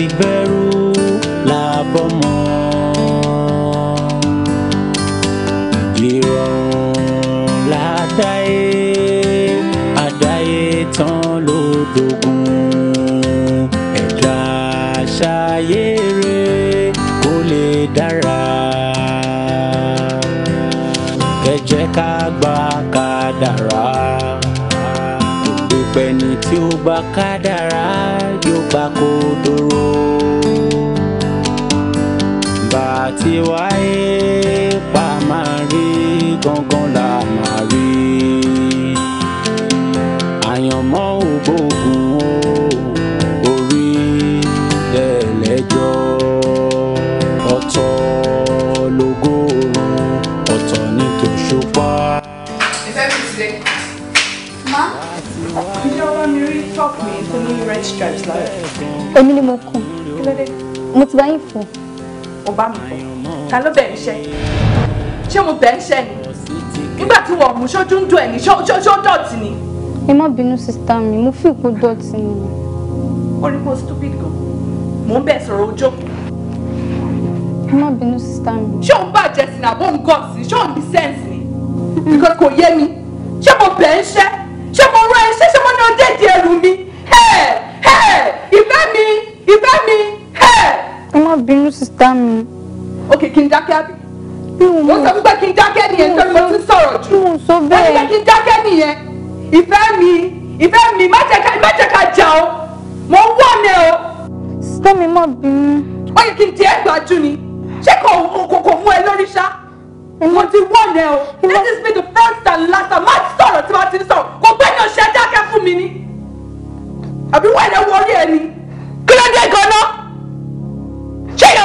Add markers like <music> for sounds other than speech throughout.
ti bẹ̀rù làbọ̀mọ́. ìrọ̀rùn làdáyé àdáyé tán ló dogun ẹ̀dá ṣayé rẹ̀ kó lè dára. ẹ jẹ́ ká gbà kò gbé pẹ́ni tí ó bá kádàrá bakuduro bàtí wáyé pa máa rí gangan la máa rí àyànmọ́ ògbógun o orí lẹ́lẹ́jọ́ ọ̀tọ̀ lógo oorun ọ̀tọ̀ red stripes lára èmi ni mo kàn mo ti bá yín fún. o bá mi fọ ta ló bẹ̀ ń ṣe ṣé mo bẹ̀ ń ṣe ni nígbà tí wọ́n mú ṣojú ń dùn ẹ̀ ní ṣó dọ̀tí ni. ẹ má bínú sísá mi mo fi ìpò dọ̀tí ni. ó rí stupid gan mò ń bẹ̀ sọ̀rọ̀ ojú. ẹ má bínú sísá mi. ṣé òun bàjẹ́ sí ni àbó ń gọ̀ sí ṣé òun bí sẹ́ǹsì ni. nǹkan kò yé mi ṣé mo bẹ̀ ń ṣe mo rán ẹ ṣé mo ní ọdẹ di mi. dá mi. ok kí n dákẹ́ àbí. mo sọ fún pé kí n dákẹ́ nìyẹn nítorí mo ti sọ̀rọ̀ jù. mo sọ bẹ́ẹ̀. wọ́n ní pé kí n dákẹ́ nìyẹn ìfẹ́ mi ìfẹ́ mi má jẹ́ ká jà o mo wọ̀ ní o. sísá mi má bínú. ó yẹ kí n tiẹ̀ gbájú ni ṣé kò kò mú ẹ lórí ṣá. mo ti wọ̀ ní o this is me the first and last time má sọ̀rọ̀ tí má ti sọ̀rọ̀ kò gbẹ́ni òṣèlú dákẹ́ fún mi ni àbí wọ́n ẹ̀ lẹ́wọ́ orí ẹ kí ló dé gan-an.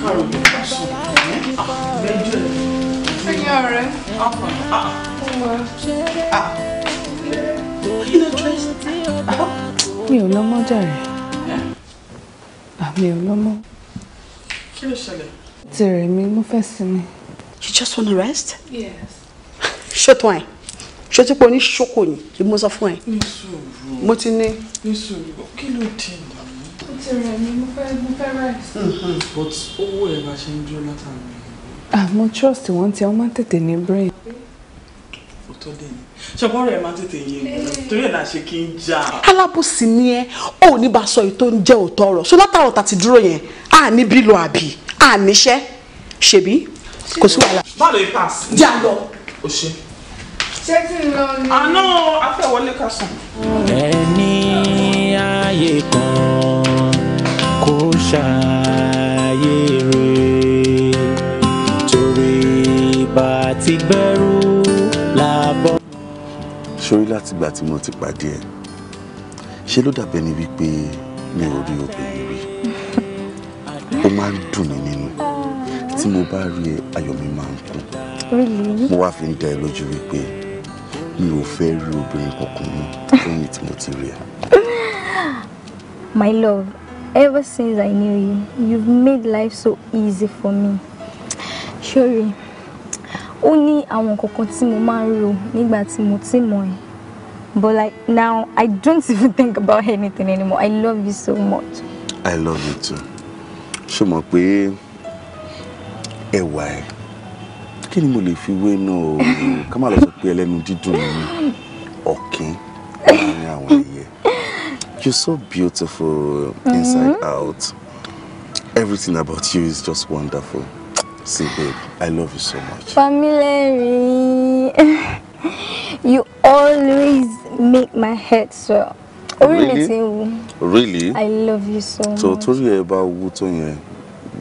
káàrò bí wọ́n ṣe lẹ́jọ́ ẹ̀. sẹ́yìn ọ̀rẹ́ mi ò lọ́mọ jàre àmì eh? ah, ò lọ́mọ. kí mi ló fẹ́ sinmi. you just wanna rest. yes. ṣé tó ẹ̀ ṣé tí pé oníṣòkò ni kí mo sọ fún ẹ. mo ti ní. kí ló dé mi tirẹ̀ ni mo hmm, hmm, but owó ẹ̀ bá ṣe ń dúró látàrí. àmọ́ trust wọn ti àwọn máa ń tètè ní brain. ó tọ́ dé ni ṣọpọ́ rẹ̀ máa ń tètè yé mi eh. torí ẹ̀ náà ṣe kí n já. alábòsí ni ẹ ò ní bá sọ èyí tó ń jẹ́ òótọ́ ọ̀rọ̀ so látàrọ̀ tàti dúró yẹn a ní bílò àbí a níṣẹ́ ṣèbí kò sí wàhálà. báwo lè pass. jà lọ. o ṣe ṣé tí ń lọ ni. àná afẹ́wọlé ká ẹni ààyè kan ṣàyè torí bá ti gbẹ́rù làbọ̀. sórí látìgbà tí mo ti pàdé ẹ ṣe ló dàbẹ ni wípé mi ò rí obìnrin rí ó máa ń dùn mí nínú tí mo bá rí ẹ ayọ̀ mi máa ń kún mo wá fi ń dá ẹ lójú wípé mi ò fẹ́ rí obìnrin kankan mọ́ lẹ́yìn tí mo ti rí ẹ. my love ever since I knew you, you've made life so easy for me. Sure, ó ní àwọn kankan tí mo máa ń rò nígbà mo ti mọ̀ ẹ́. But like now, I don't <laughs> even think about anything anymore. I love you so much. I love you too. Ṣé mọ̀ pé ẹwà ẹ̀ kí ni mo lè fi wé náà o? Ká má lọ sọ pé ẹlẹ́nu ni ọ̀kín láàárín àwọn ẹ̀yà. You're so beautiful inside mm -hmm. out. Everything about you is just wonderful. See, babe, I love you so much. Family, <laughs> you always make my head swell. Really? Really? I love you so much. So, torí you about wú on your,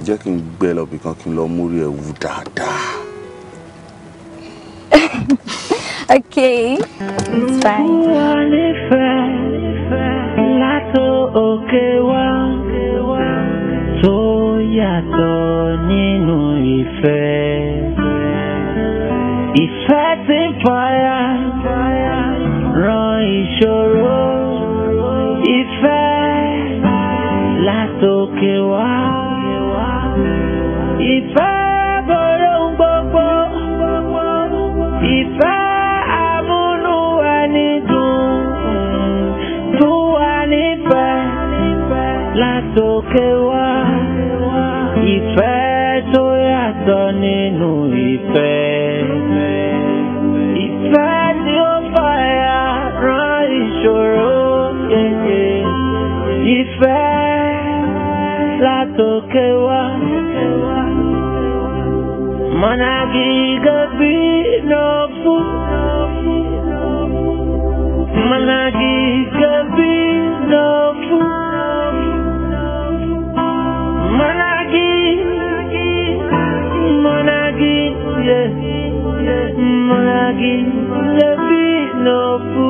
jẹ́ kí n gbé lọ bìkan kí n lọ múrí ẹ wú dáadáa. <laughs> Okay, it's fine. òkè wá tó yàtọ̀ nínú ìfẹ́. Ìfẹ́ tí ń fàyà ràn ìṣòro. Ìfẹ́ látòkè wá. Ìfẹ́. kéwá ìfẹ́ tó yàtọ̀ nínú ìfẹ́. Ìfẹ́ tí ó fàyà rán ìṣòro kéde. Ìfẹ́ látòkè wá. Mọ̀nàgì gẹ̀bí lọ fún. Mọ̀nàgì. mula mula mula mula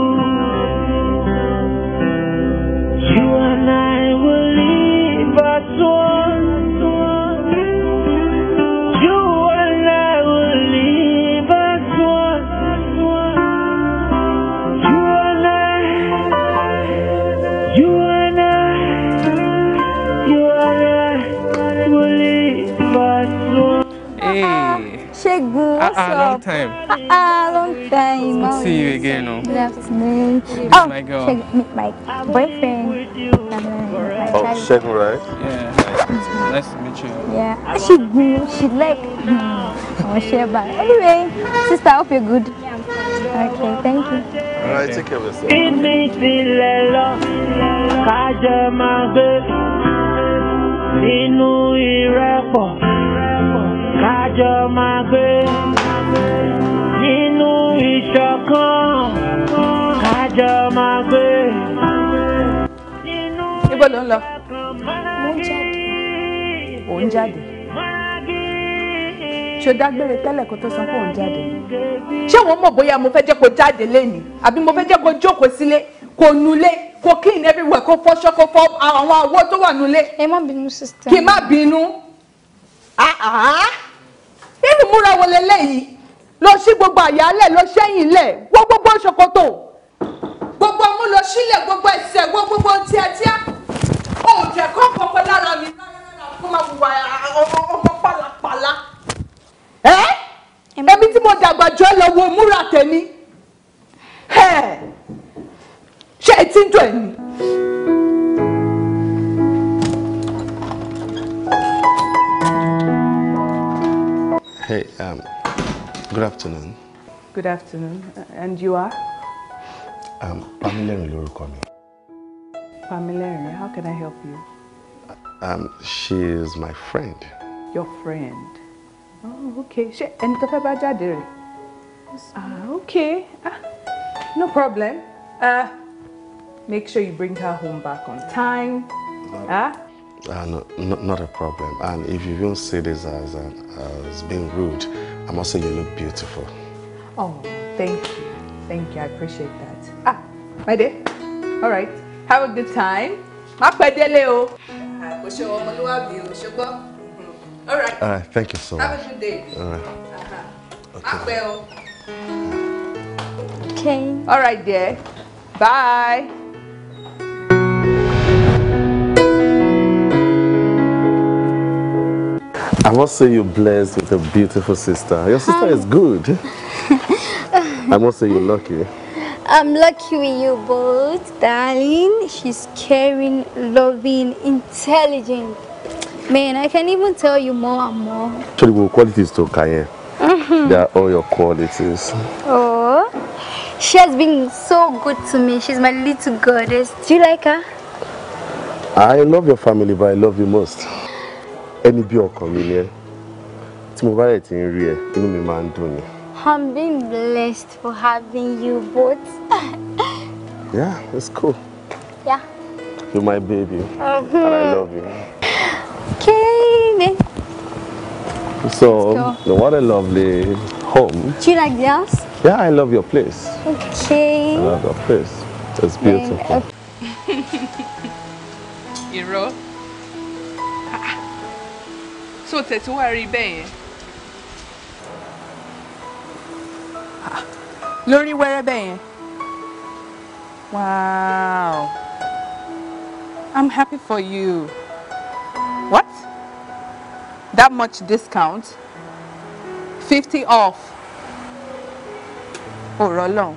A ah, long time. A ah, long time. Good to see you again. No? Oh. Good afternoon. Oh, my girl. meet my boyfriend. My oh, Shekun, right? Yeah. Nice to meet you. Yeah. She she like. Oh, share but anyway, sister, I hope you're good. Okay, thank you. Alright, take care of yourself. Inú ìrẹ́pọ̀ kájọ máa ìṣọ̀kan kájọ máa gbé. ibo ló ń lọ. mo ń jáde. ò ń jáde. ṣé o dágbére tẹ́lẹ̀ kó tó sọ pé ò ń jáde. ṣé wọ́n mọ̀ bóyá mo fẹ́ jẹ́ kó jáde lénìí àbí mo fẹ́ jẹ́ kó jókòó sílé kó nulẹ̀ kó clean everywhere kó fọṣọ kó fọ àwọn àwọ̀ tó wà nulẹ̀. ẹ má bínú sister. kí n má bínú. Ah, ah, ah. irú múra wọlé lẹ́yìn lọ sí gbogbo àyálẹ̀ lọ sẹ́yìn lẹ̀ wọ́ gbogbo ṣòkòtò. gbogbo ọmú lọ sílẹ̀ gbogbo ẹsẹ̀ wọ́ gbogbo tíátíá òòjẹ́ kọ́ kọ́kọ́ lára mi kó máa wùwà ọmọ pàlàpàlà. ẹ ẹbí tí mo dàgbà jọ lọ wo múra tèmi ṣé etí ń dùn ẹ ni. Hey, um, Good afternoon. Good afternoon. Uh, and you are? Um, Pamela lórúkọ Pamela, Pamilerin, how can I help you? Um, she is my friend. Your friend? Oh, okay. She ẹni tó Ah, okay. Ah, no problem. Uh, make sure you bring her home back on time. No. Ah? Uh, no, no, not a problem. And if you don't see this as, uh, as being rude, And also, you look beautiful. Oh, thank you. Thank you. I appreciate that. Ah, my dear. All right. Have a good time. Má pẹ́ délé o. Ah, All right. All right. Thank you so much. Have a good day. All right. Má pẹ́ o. Okay. All right, dear. Bye. I must say you're blessed with a beautiful sister. Your sister um. is good. I must say you're lucky. I'm lucky with you both, darling. She's caring, loving, intelligent. Man, I can even tell you more and more. Actually, what qualities to Kaye? Mm-hmm. They are all your qualities. Oh, she has been so good to me. She's my little goddess. Do you like her? I love your family, but I love you most. ẹni bí ọkàn mi ni ẹ tí mo bá rẹ̀ ti ń rí ẹ inú mi máa ń dùn ni. I'm being blessed for having you both. yeah, it's cool. Yeah. You're my baby. Mm -hmm. And I love you. Okay. So, what a lovely home. Do you like the house? Yeah, I love your place. Okay. I love your place. It's beautiful. <laughs> Irọ́ tó tẹ̀tí wá rí bẹ́ẹ̀ yẹn. Ah, lórí wẹ́rẹ́ bẹ́ẹ̀ yẹn. wow i'm happy for you. what? that much discount? fifty off. òrọ̀ long?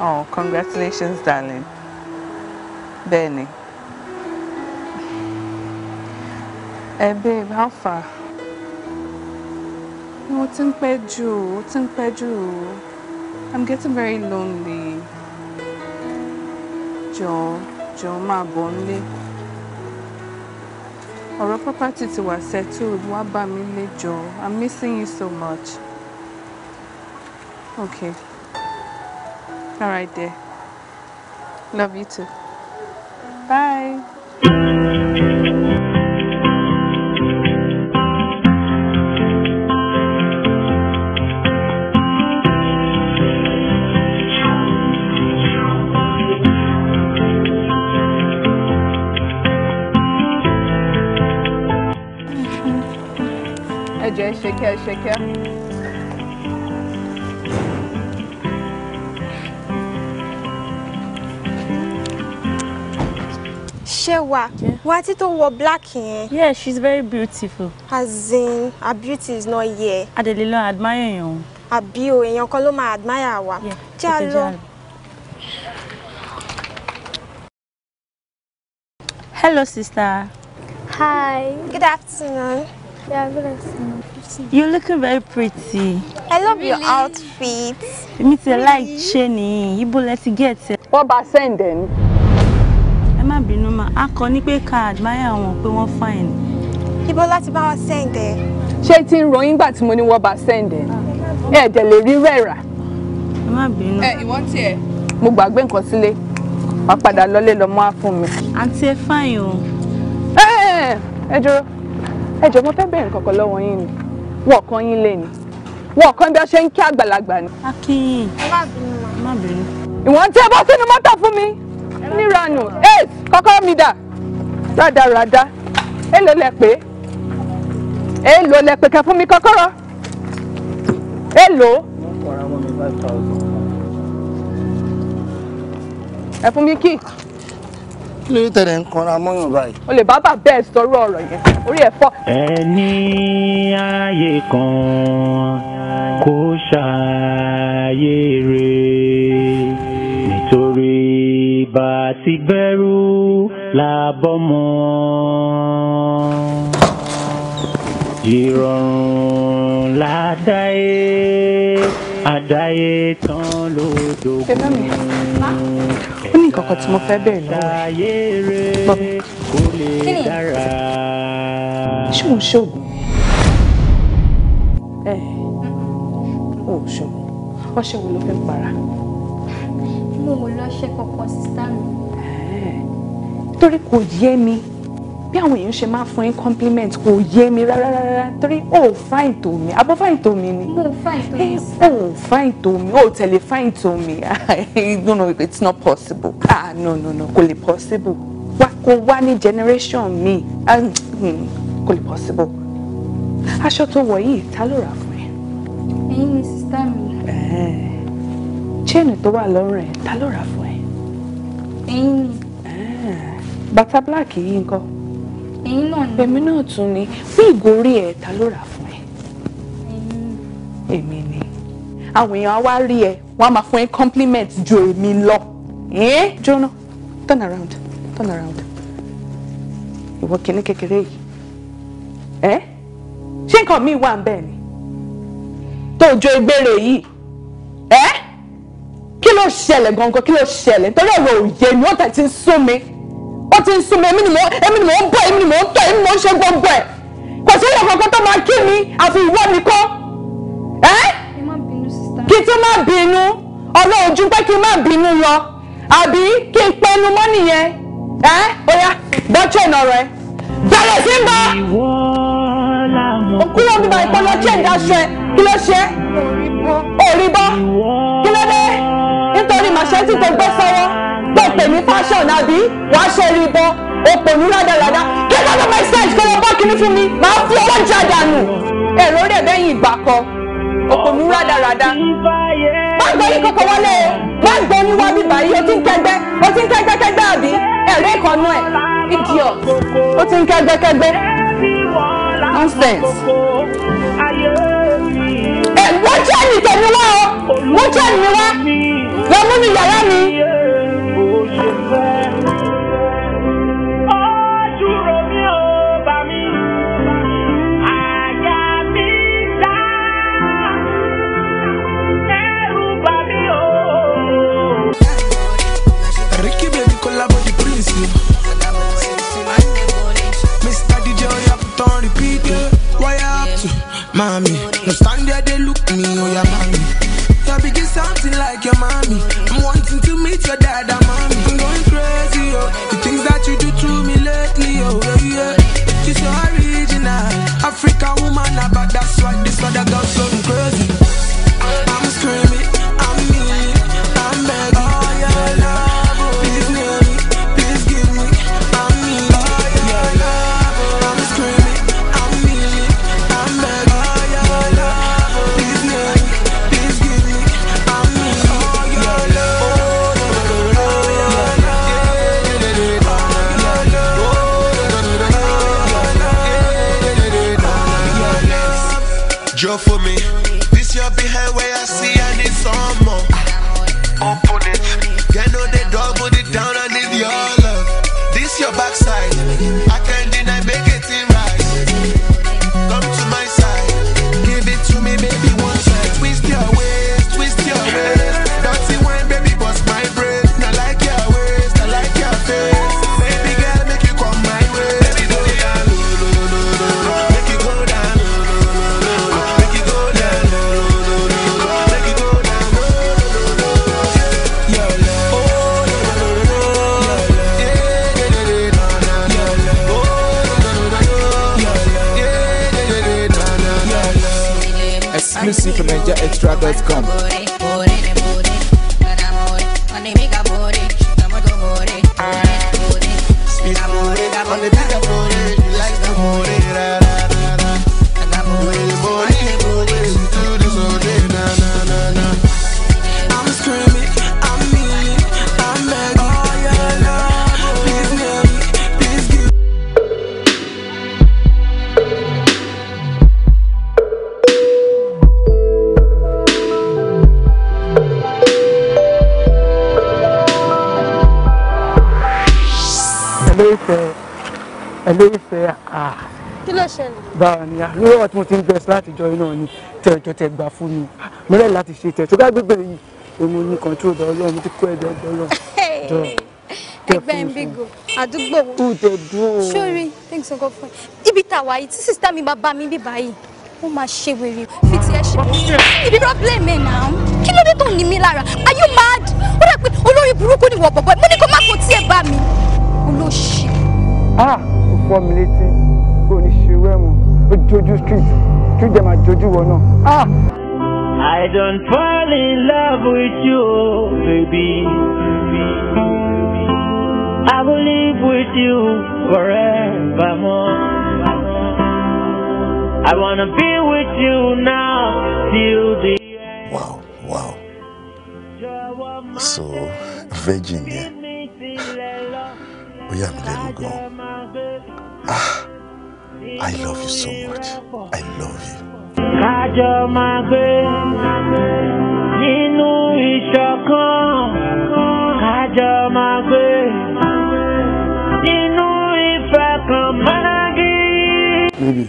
oh congratulations darling. bẹ́ẹ̀ ni. Hey babe, how far? No, ó ti ń pẹ́ jù, ó I'm getting very lonely. Joe. Joe, my bọ̀ Our property ti wà settled, wá bá me, Joe. I'm missing you so much. Okay. All right, there. Love you too. Bye. Şeker şeker. Shewa, yeah. what it all black here? Yeah, she's very beautiful. As in, her beauty is not here. Adelilo admire you. Àbí o, èèyàn kan ló admire wa. Yeah, Hello, sister. Hi. Good afternoon. Yeah, good afternoon. You're looking very pretty. I love really? your outfit. Me too, really? like Cheney. You bullet get it. What about sending? Ẹ má bínú mà, a kò ní pé ká admire wọn pé wọ́n fine. Ibo láti bá wọn send ẹ. Ṣé tí ń ro yín gbà tí mo ní wọ́n bá send ẹ? Ẹ dẹ̀ lè rí rẹ̀rà. Ẹ má bínú. Ẹ ìwọ́n tiẹ̀. Mo gbàgbé nǹkan sílé. Wàá padà lọlé lọ mọ́ fine o. Ẹ ẹ ẹ jọ̀ọ́ mo fẹ́ bẹ̀rẹ̀ nǹkan kan lọ́wọ́ yín ni wọ́n kan yín lé ni wọ́n kan bí wọ́n ṣe ń kí àgbàlagbà ni. akínyìn má bínú. ìwọ̀n tí ẹ bọ́ sínú mọ́tò fún mi níranù eight kọ́kọ́ mi dà rádaràda èlò lẹ pé èlò lẹ pé kẹ fún mi kọ́kọ́rọ́ èlò. ẹ fún mi kí kí ló tẹ̀lé ń kanra mọ́yàn báyìí. o lè bá bàbá ẹ sọ̀rọ̀ ọ̀rọ̀ yẹn orí ẹ̀ fọ́. ẹni ààyè kan kò ṣàyè rẹ̀ nítorí bá a ti bẹ̀rù làbọ̀mọ́ ìrọ̀rùn ládàáyé àdáyé tán ló dógún kankan tí mo fẹ́ bẹ̀rẹ̀ lọ́wọ́ ẹ̀ bọ́ kí ni ṣé òun ṣoògùn ẹ ò ṣoògùn wo ló fẹ́ para. mo mọ lọ ṣe kankan sísá mi. torí kò yé mi bí àwọn èèyàn ṣe máa fún yín compliment kò yé mi rárá rárá torí o ò fáìn tó mi àbọ̀ fáìn tó mi ni eh, o ò fáìn tó mi o ò tẹ̀lé fáìn tó mi no no it's not possible ah no no no kò lè possible wa kò wá ní generation mi ah, hmm. kò lè possible aṣọ tó wọ̀ yìí ta ló rà fún ẹ. ẹ̀yin ni sísá mi. Eh. chain tó wà lọ́rùn ẹ̀ ta ló rà fún ẹ. ẹ̀yin ah. bàtà black yìí nǹkan ẹ̀yin náà ni. èmi náà tún ni bí ìgòrí ẹ̀ ta ló rà fún ẹ. èmi ni àwọn èèyàn á wá rí ẹ wọn á máa fún ẹ compliment ju èmi lọ. jóná turn around turn around ìwọ kìíní kékeré yìí ẹ ṣé nǹkan mi wà ń bẹ́ẹ̀ ni tó jo ìgbére yìí ẹ kí ló ṣẹlẹ̀ gangan kí ló ṣẹlẹ̀ nítorí ọ̀rọ̀ òye ni wọ́n tẹ̀ ti ń sún mi ó ti ń sún mi èmi ni mò ń bọ̀ èmi ni mò ń tọ̀ èmi ni mò ń ṣe gbogbo ẹ̀ kò sí ìyàwó kankan tó máa kí mi àfi ìwọ nìkan ẹ́ kí tí má bínú ọlọ́run ju pé kí má bínú lọ àbí kí n pẹnu mọ́ nìyẹn ẹ́ oya dọ́tí ẹ̀nà rẹ̀ bẹ̀rẹ̀ sí ń bá òkú ló ń bí báyìí pọ́nlọ́ tí ẹ̀ ń daṣọ ẹ̀ kí ló ṣe é kí ló dé nítorí màṣẹ́tì tó gbé sọ́wọ́ pè ní fashion àbí wàá ṣe rí ibọn o pè ní rádaràdá kí ló ló make sense kó lọ bọ́ kíní fún mi màá fi owó jáde nù èrò rẹ̀ bẹ́yìn ìgbà kan o pè ní rádaràdá má gbé yín kókó wọlé o má gbé yín wá bíbá yìí o ti ń kẹgbẹ́ o ti ń kẹgbẹ́kẹgbẹ́ àbí ẹ̀rẹ́ ìkànnú ẹ̀ idiot o ti ń kẹgbẹ́kẹgbẹ́ nonsense wọ́n jẹ́ ẹnì tẹ̀mí wá o wọ́n jẹ́ ẹnì wá lọ́mú ní yàrá mi. mommy. No stand there, they look me, oh your mommy. You're begin something like your mommy. I'm wanting to meet your dad and mommy. I'm going crazy, oh. The things that you do to me lately, oh yeah, yeah. She's so original, African woman, but that's why this other báwa ni lórí ọ̀tí mo ti ń gbẹ̀sí láti jọ iná ni tẹ̀jọ́ tẹ̀ gbà fún mi ah, mọ́lẹ̀ láti ṣe tẹ̀ tó bá gbégbé yìí èmo ní control dọ̀ ọlọ́run mo ti kó ẹgbẹ́ ẹgbẹ́ ọlọ́run jọ. ẹgbẹ́ ń bí go àdúgbò wo tẹ̀ dùn thanks God for it ibi tàwa yìí tí sísítà mi bàbá mi bíbá yìí ó máa ṣe wèrè fi tiẹ̀ ṣe ibi problem ẹ̀ náà kí ló dé tó ní mi lára are you mad ó dà pé olórí burúkú ni wọ̀ bọ̀bọ̀ mo ní kó má kó tiẹ̀ bá mi olóṣì. ah ó fọ́ mi létí joju street street dem àjojú wọn náà. ah. I don't fall in love with you, baby. I will live with you forevermore. I wanna be with you now till the end. Wow, wow. So, Virginia, yẹn, <sighs> ó yà mí lẹ́nu Ah. I love you so much. I love you. Kájọ máa gbé nínú ìṣọ̀kan. Kájọ máa gbé nínú ìfẹ́ kan mági. Bébì,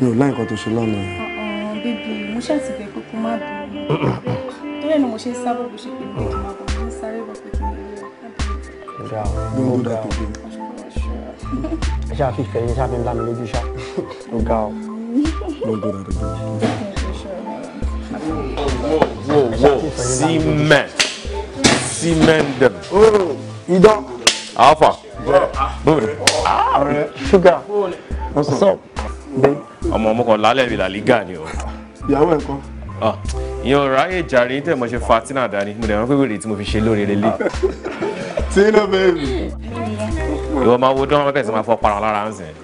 mi ò láì nǹkan tó ṣe lánàá. Uh-uh, Bébì, mo ṣàti bẹ̀ pé kó má bì í. Torí ẹ̀ ni mo ṣe sábà bó ṣe pé kí máa bọ̀, mo sáré bọ̀ pé kí n lè rí ọ̀pá. Mo dá o. Mo dá o iṣẹ́ àfihàn iṣẹ́ àfihàn lámi lójú iṣẹ́ ó ga ọ. no good at all. cement cement dem. idán. alpha. bóòlù. ọ̀rẹ́ ṣúgà. ọ̀sán. ọmọ ọmọ kan lálẹ́ mi làlígà ni o. ìyàwó ẹ̀ kọ́ ìyẹn ò ráyè jàre tẹ̀ mọ́ ṣe fatina dání mo dẹ̀ rán pé wèrè tí mo fi ṣe lóore lélẹ̀. tino baby ìwọ máa wo dánwó kẹsì máa fọ para lára ń sìn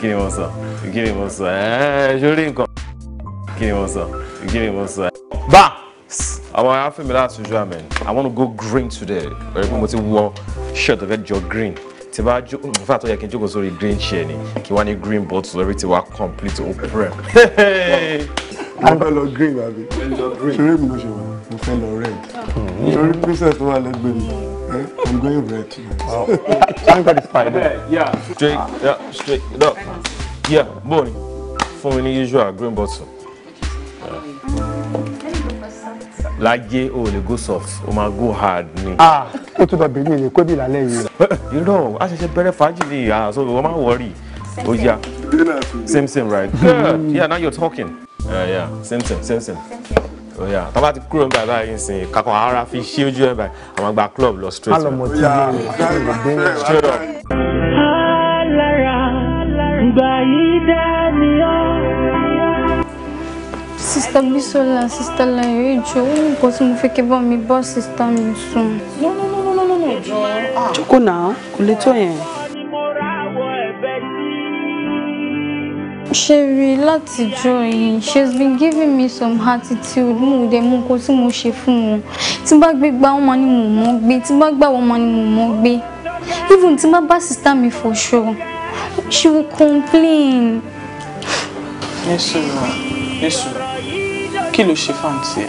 kí ni mo sọ kí ni mo sọ ẹ sórí nǹkan kí ni mo sọ kí ni mo sọ. bá àwọn afẹ́mi láti ṣojú àmì i wanna go green today pẹ̀lú pé mo ti wọ shirt ọ̀fẹ́ jọ green tí bá jó nfa tó yẹ kí n jókòó sórí green chair ni kí wọ́n ní green bottle lórí tí wàá complete ó prep. mo fẹ́ lọ green àbí ṣeré mi ló ṣe wà mo fẹ́ lọ red torí hmm. princess wà lẹ́gbẹ̀ẹ́ mi. I'm going red. Oh. I'm <laughs> satisfied. Eh? Yeah. Straight, yeah, straight it Yeah, morning. For me, usual green bottle. Lájé o lè go soft, Oh my, go hard me. Ah, ó tún bá bẹ̀rẹ̀ ní kóbì lálẹ́ <laughs> You know, a ṣẹ̀ṣẹ̀ bẹ̀rẹ̀ fàájì ni ìyá, ah, so wọ́n máa wọ̀rì. Ó yá. Same oh, same right. <laughs> Yeah, now you're talking. Yeah yeah, same same, same same. Same same oya oh, tá a bá ti kúrò ń bàbá yìí sìn kakọ ara fi ṣí ojú ẹ̀ báyìí àwọn àgbà club lọ straight. alọmọ tí straight up. alára gbà yí dání ọ́. Sista Bisola, Sista Layo, ìjọ ó ní nǹkan tí mo fẹ́ kí bá mi bá sista mi sùn. No no no no no no no jọ. Jókòó náà, Sherry láti jọ yìí she has been giving me some attitude mo dẹ̀ mú nǹkan tí mo ṣe fún wọn tí bá gbé gbá wọn máa ní mò mọ́ gbé tí bá gbà wọn máa ní mò mọ́ gbé even tí bá bá sister mi for sure she will complain. yẹ́sù rẹ̀ yẹ́sù kí ló ṣe fáǹtì ẹ̀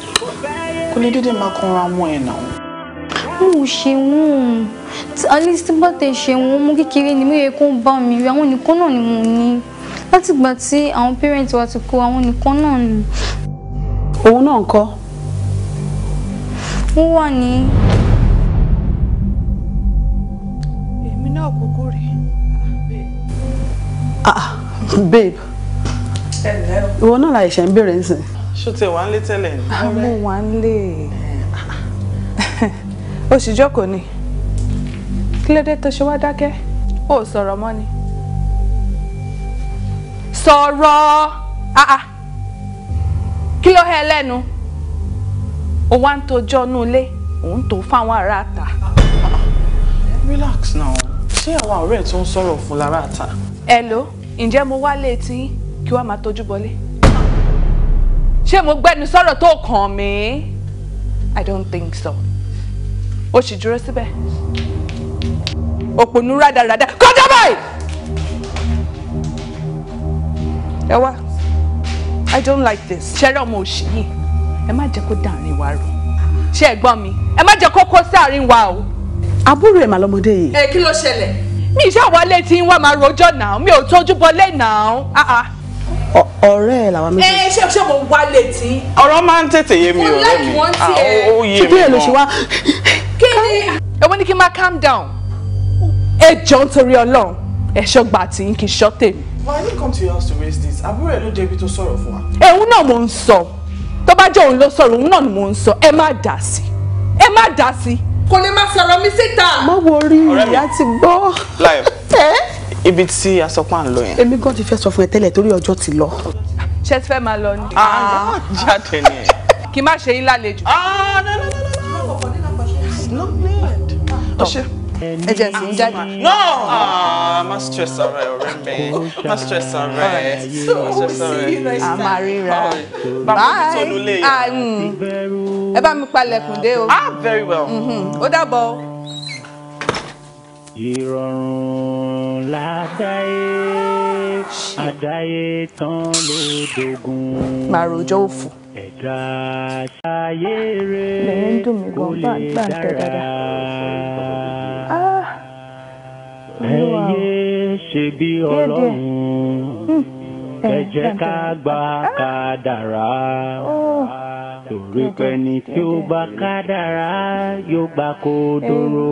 kò lè dédé máa kanra mọ́ ẹ̀ náà. mo ò ṣe wọn at least tí bá tẹ̀ ṣe wọn ọmọ kékeré ni mo yẹ kó bá mi rí àwọn nìkan náà ni mo ní látìgbà tí àwọn parents wa ti kó àwọn nìkan náà ni. òun náà ńkọ́. ó wà ní. èmi náà kúkú rí. Ah, ah, babe ìwọ náà la ìṣẹ̀ ń bèrè ń sìn. ṣó tiẹ̀ wá ń lé tẹ́lẹ̀ ni. Ah, mo wà ń lé oṣù jókòó ni kí ló dé tó ṣe wá dákẹ́ ó sọ̀rọ̀ mọ́ ni sọ̀rọ̀ àà ah, ah. kí ló hẹ́ lẹ́nu ó wá ń tojọ́ nú ilé òun tó fáwọn ará ta. relax now ṣé àwọn ọ̀rẹ́ tó ń sọ̀rọ̀ fún lára ta. hello ǹjẹ́ mo wá létí kí wàá máa tójú bọlé ṣé mo gbẹnu sọ̀rọ̀ tó kàn mí i don't think so ó sì dúró síbẹ̀ òpònú rádaràdà kọjá báyìí. ẹ wá i don't like this ṣẹ́rẹ́ ọmọ òṣì yìí ẹ má jẹ́ kó dàrin wa rò ṣé ẹ gbọ́n mi ẹ má jẹ́ kó kó sáàrin wa o. àbúrò ẹ̀ mà lọ́mọdé yìí. ẹ kí ló ṣẹlẹ̀. mi ìṣe àwọn ilé tí ń wá máa rojọ́ náà mi ò tọ́jú bọlé náà. Ah, ah. ọ̀rẹ́ ẹ̀ làwọn méjèèjì. ẹ ṣé ṣé mo wá létí. ọ̀rọ̀ máa ń tètè yé mi ọ̀rẹ́ mi ah, ó yé mi mọ́. kíkẹ́ ló ṣe wá. ẹ wọ́n ní kí n máa calm down. ẹ jọ̀ọ́ nítorí Ọlọ́run ẹ ṣọ́gbà tí n kì í ṣọ́ tèmi. But I didn't come to your house to raise this. Àbúrò ẹ̀ ló débi tó sọ̀rọ̀ fún wa. Ẹ̀hún náà mò ń sọ. Tó bá jẹ́ òun ló sọ̀rọ̀, òun náà ni mò ń sọ. Ẹ má dà sí. Ẹ má dà sí. Kò ní máa sọ̀rọ̀ mi síta. Má wo orí ìyá ti gbọ́. Láyọ̀. Ẹ́. Ibi tí a sọ pé à ń lọ yẹn. Èmi gan ti fẹ́ sọ fún ẹ tẹ́lẹ̀ torí ọjọ́ ti lọ. Ṣé ti fẹ́ máa lọ ni? Ah, jáde ni. Kì í má ṣe yín lálejò. Àá ah, It's not bad. Ọṣẹ́ ẹ̀jẹ̀ sì ń jáde. no ah, má stress ọ̀rẹ́ ọ̀rẹ́ mi má stress ọ̀rẹ́ má stress ọ̀rẹ́. a máa ríra bye ah, mm. ẹ bá mi palẹ̀kùn dé o. ah very well. Mm-hmm. ó dàbọ̀. ìrọ̀rùn ládàáyé àdáyé tán ló dogun. màrò ọjọ́ òfò ẹ̀dá ayé rẹ̀ kò lè dára. Ah, ẹyẹ ṣe bí ọlọ́run hmm. ẹ jẹ́ ká gbà ah. kádàrá oh. torí pé ní tí ó bá kádàrá yóò gbà kó dúró.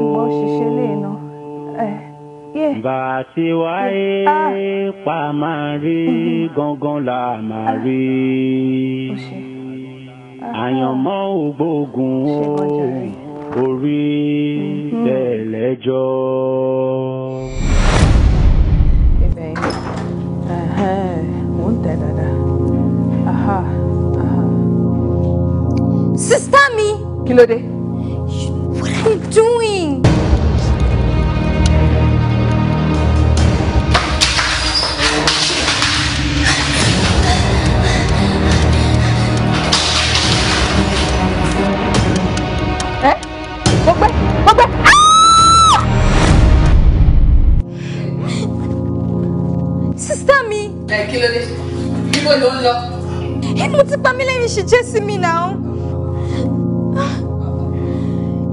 Bá a ti wáyé ah. pa máa rí mm-hmm. gangan la máa rí àyànmọ́ ògbógun o orí lẹ́lẹ́jọ́. Mm-hmm. ibẹ̀ yìí mò ń tẹ̀ dáadáa. sista mi. kí ló dé. what are you doing. mo gbé mo gbé. sísá mi. ẹ kí ló dé níbo ló ń lọ. inú ti pa mí lẹ́yìn ṣe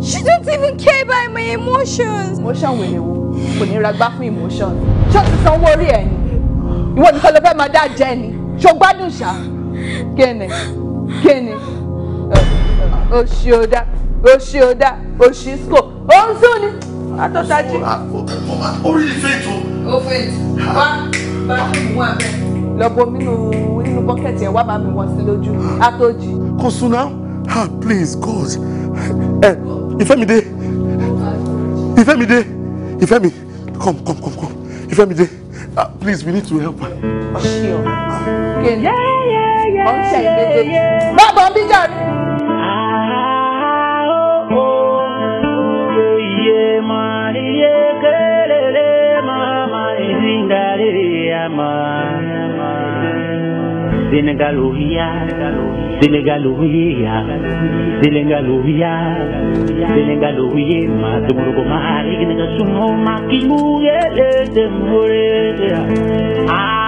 She don't even care about my emotions. Emotion wèrè wo? Kò ní ragbá fún emotions. Ṣé o ti sanwó orí ẹ̀ ni? Ìwọ nìkan ló fẹ́ máa dá jẹ́ ni. Ṣo gbádùn ṣá? Kí ni? Kí ni? Oṣù òṣì ọ̀dà òṣì sco òun sùn ni àtọ́tají. ó rí ní fèètò. ó fèètò wá bá tó mú wá bẹ́ẹ̀. lọ́bọ̀ nínú nínú bọ́kẹ̀tì ẹ̀ wá bá mi wọ́n sí lójú àtọ́jì. kò sùn náà ah please god ẹ eh, ìfẹ́ mi dé ìfẹ́ mi dé ìfẹ́ mi come come come come ìfẹ́ mi dé ah please we need to help her. ọ̀ṣì ọ̀ kéde ọ̀ṣẹ̀ ìgbẹ́jọ́ bá bọ̀ bíjà rí. Senegaluia, Senegaluia, Senegaluia, Senegaluia, ma tumurugo ma ari nega sumo ma kimbuye Ah.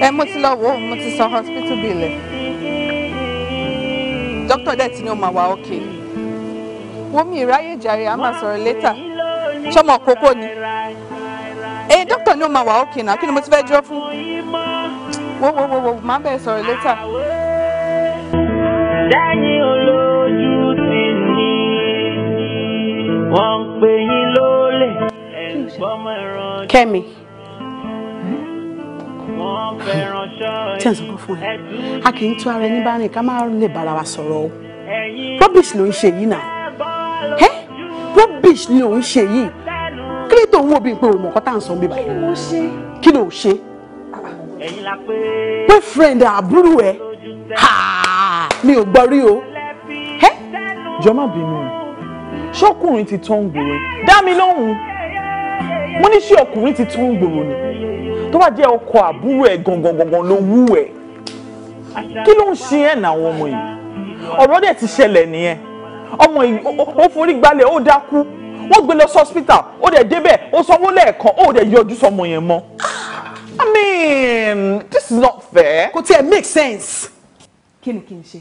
ẹ mo ti lọ wò ó mo ti sọ hospital bill ẹ dókítà dẹ̀ ti ní o máa wà ókè wọ́n mi ìráyè jàre a máa sọ̀rọ̀ létà ṣọmọ kókó ni ẹyin doctor, ní o máa wà ókè náà kí ni mo ti fẹ́ dúró fún wo wo wo wo máa bẹ̀rẹ̀ sọ̀rọ̀ létà. lẹ́yìn olójú ti ní wọ́n ń pè yín lólè ẹ̀gbọ́n mẹ́rán. kẹ́mi tí ẹ̀ ń sọ fún ẹ a kì í tú ara ẹni bá rìn ká má lè bára wa sọ̀rọ̀ o rubbish ló ń ṣe yìí náà ẹ rubbish ló ń ṣe yìí kí ló tó ń wo bí pé òun mọ̀kọ́ tá à ń sọ bíbá yìí kí ló ṣe boyfriend àbúrò ẹ mi ò gbọ́ rí o ẹ jọ má bínú ṣọkùnrin ti tán gbòòrò dá mi lóhùn mo ní ṣé ọkùnrin ti tán gbòòrò ni tó bá jẹ́ ọkọ àbúrò ẹ̀ gangan ló wú ẹ̀ kí ló ń ṣe ẹ̀ náà ọmọ yìí ọ̀rọ̀ dẹ̀ ti ṣẹlẹ̀ nìyẹn ọmọ yìí ó forí gbalẹ̀ ó dákú wọ́n gbé lọ sí hospital ó dẹ̀ débẹ̀ ó sanwó lẹ́ẹ̀kan ó dẹ̀ yọjú sọmọ yẹn mọ́ I mean this is not fair. kò tiẹ̀ make sense. kí ni kí n ṣe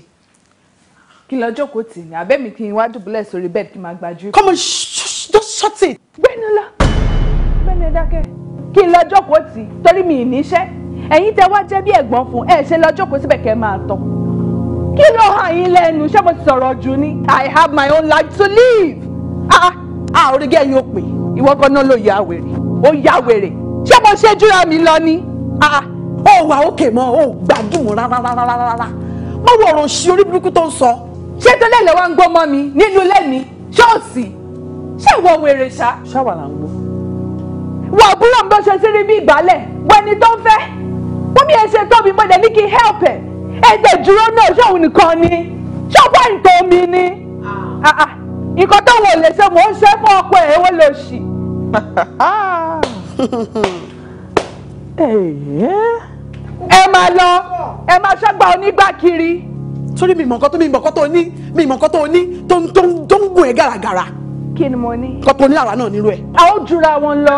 kí n lọ jókòó tì ní abẹ́ mi kí n wá dùbúlẹ̀ sórí bẹ́ẹ̀dì kí n máa gbájú. come on just shut it. gbẹ́nulá gbẹ́nu ẹ dákẹ́ kí n lọ jókòó tì í torí mi ì níṣẹ́ ẹ̀yin tẹ wá jẹ́ bí ẹ̀gbọ́n fún ẹ̀ ṣe lọ jókòó síbẹ̀ kẹ́ máa tán kí ló hàn yín lẹ́nu ṣé mo ti sọ̀rọ̀ jù ni I have my own life to live ah ah orí gẹ́yìn ó pè ìwọ kan náà ló ya wèrè ó ya wèrè ṣé mo ṣe júra mi lọ ni ah, ah ó wà òkè mọ́ ó gbàdúrà rárá mo wo ọ̀rọ̀ òṣì orí burúkú tó ń sọ. ṣé tẹ́lẹ̀ lẹ́wọ́ ń gbọ́ mọ́ mi nínú ilé mi ṣọ́ọ̀ṣì ṣé ìwọ wèrè ṣá. ṣáwa ń gbọ́ wọ àbúrò mi bó ṣe sí rí bí ìgbálẹ̀ wọ ẹni tó ń fẹ́ wọ́n mi ẹ̀ ṣe tóbi mo dẹ̀ ní kí help ẹ̀ ẹ̀jẹ̀ dúró náà ṣóun nìkan ni ṣọ́pọ̀ ìtọ́ mi ni ah. Ah, ah. nǹkan tó wò lè ṣe mò ń ṣe fún ọpọ ẹ̀ wọ́n lè ṣì. <laughs> Eh, eh. ẹ máa lọ ẹ máa ṣọ́gbà onígbà sórí mi mọ̀ nǹkan tó mi mọ̀ nǹkan tó ní mi mọ̀ nǹkan tó ní tó ń gùn ẹ́ gàràgàrà kí ni mo ní. kọ́tọ́ oníyàrá náà nírú ẹ̀. a ó jura wọn lọ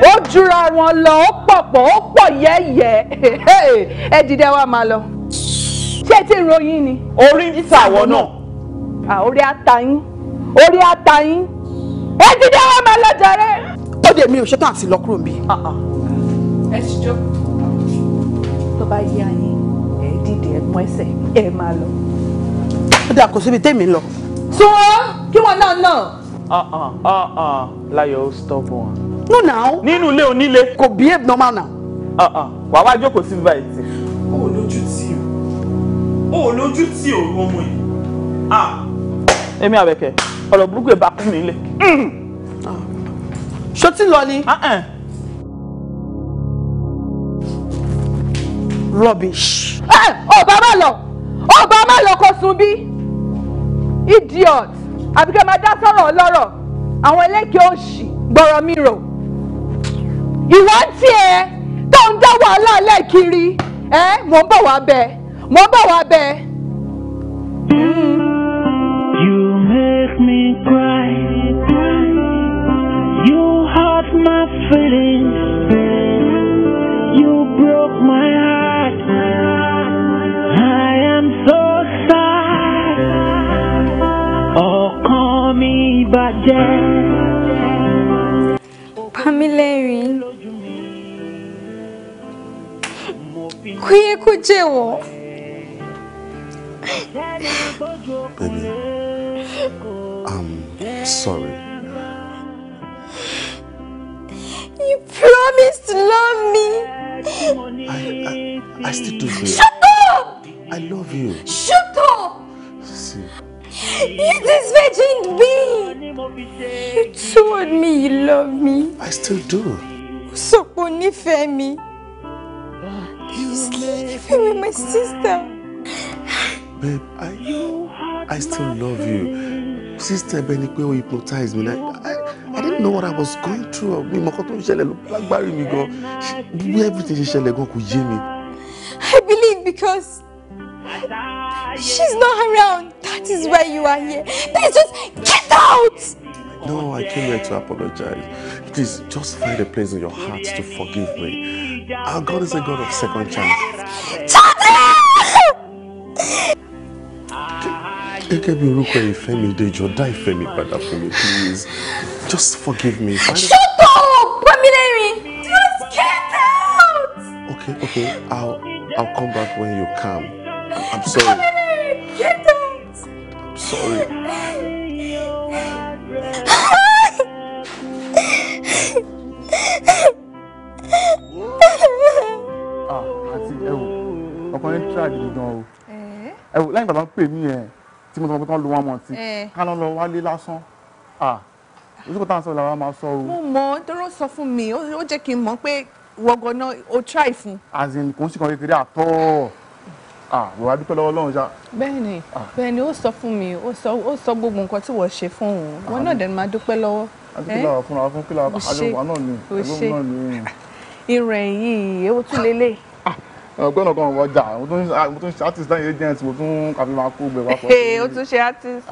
ó jura wọn lọ ó pọ̀ pọ̀ ó pọ̀ yẹ́yẹ́ ẹ dìde wa máa lọ. ṣé tí ìròyìn ni. orí ń tàwọ̀ náà. à orí àtàyín orí àtàyín ẹ dìde wa máa lọ jàre. ó dé mi ò ṣetán àti lọ kúrò mi. Ah, ah. ẹ ti jọ tó bá yé ayé ẹ dìde ẹ mọ ẹsẹ̀ ẹ máa lọ. ó dà kó síbi tèmi lọ. sọ kí wọn náà náà uh-uh, uh-uh, láyọ̀ ó stubborn. no now. nínú ilé onílé. kò behave normal now. uh-uh, wàá wá jókòó sí báyìí. o ò lójú tí o o ò lójú tí o ọmọ yìí. èmi àbẹ̀kẹ̀ ọ̀rọ̀ burúkú ìbá kú nílé. Mm. ṣó tí lọ ni. Eh. rubbish. ẹ eh, ọba má lọ ọba má lọ kó sun bí idiot àbí kẹ́ máa dá sọ̀rọ̀ ọlọ́rọ̀ àwọn eléke òṣì gbọ́rọ̀ mi rò ìwọ tiẹ̀ tó ń dá wàhálà lẹ́ẹ̀kiri ẹ mò ń bọ̀ wá bẹ́ẹ̀ mò ń bọ̀ wá bẹ́ẹ̀. Hmm. jẹ́. Pamílẹ́rìn kò yẹ kó jẹ́wọ́. Baby, I'm sorry. You promised to love me. I, I, I still do. Shut up! I love you. Shut up! See. You is virgin me. You told me you love me. I still do. So Sopo fear me, You sleep my sister. Babe, I, I still love you. Sister Benikwe hypnotized me. I, I, I didn't know what I was going through. Mi mọ̀kọ́ tó ń ṣẹlẹ̀ ló lágbárí mi gan. everything ṣe ṣẹlẹ̀ go, kò yé mi. I believe because She's not around. That is why you are here. Please just get out. No, I came here to apologize. Please, just find a place in your heart to forgive me. Our God is a God of second chance. Gẹ́gẹ́ bí orúkọ ìfẹ́ mi dé jọ dá ìfẹ́ mi padà please just forgive me. Shut up! Pamilerin! Just get out! Okay, okay, I'll, I'll come back when you come. I'm sorry. Get out. I'm sorry. ah àti ẹwù ọkùnrin tíra gidi gan o eh? ẹwù lẹ́yìn bàbá pè mí ẹ tí mo tọ́ tọ́ lu wọn mọ̀ sí kánà lọ wálé lásán ah ojú kò tá à ń sọ làwọn máa sọ o. mo mọ dúró sọ fún mi ó jẹ́ kí n mọ̀ pé wọ́gọ́ náà o try fún. as in kò ń sì kan kékeré àtọ́ ah wò wá dúpẹ́ lọ́wọ́ Ọlọ́run ṣá. bẹ́ẹ̀ni ah. bẹ́ẹ̀ni ó sọ fún mi ó sọ ó sọ gbogbo nǹkan tí wọ́n ṣe fún òun wọn ah, náà dẹnu máa dúpẹ́ lọ́wọ́. adúpẹ́ lọ́wọ́ fúnra wa fún kílà àjọwà náà ni ẹgbẹ́ náà ni. irun <laughs> ẹ̀yìn ewu tún lélẹ̀. Ah, ọgbọ́n ọgbọ́n wọ ọjà mo tún ṣe artist lẹ́yìn agent mo tún kàfi máa kó gbẹ̀wá pọ̀. ee o tún ṣe artist.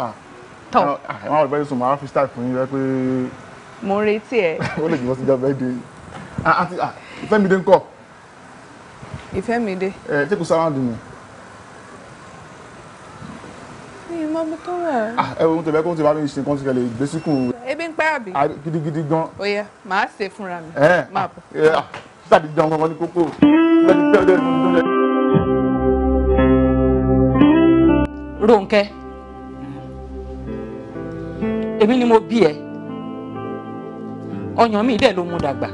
tọ ẹ máa bẹ́ẹ̀ sùn máa fi style fún yín rẹ pé. mo retí ẹ. <laughs> ó lè jù wọ́n sí jẹ́ de ìfẹ́ mi dé ńkọ́. ìfẹ́ mi dé. ẹ ṣé kò sáwọn àdùnnú. mọ ibi tó wà. Ah, ẹ wo tẹ̀lé kó ti bá mi ṣe nǹkan tìkẹ̀lẹ̀ ìgbésíkù. ebi ń pẹ́ àbí. Ah, gidigidi gan. ó yẹ màá ṣe fúnra mi. Ah, ẹ ẹ tàbí jẹun kankan ní kókó. Rónkẹ́ èmi ni mo bí ẹ ọyàn mi dẹ̀ ló mú dàgbà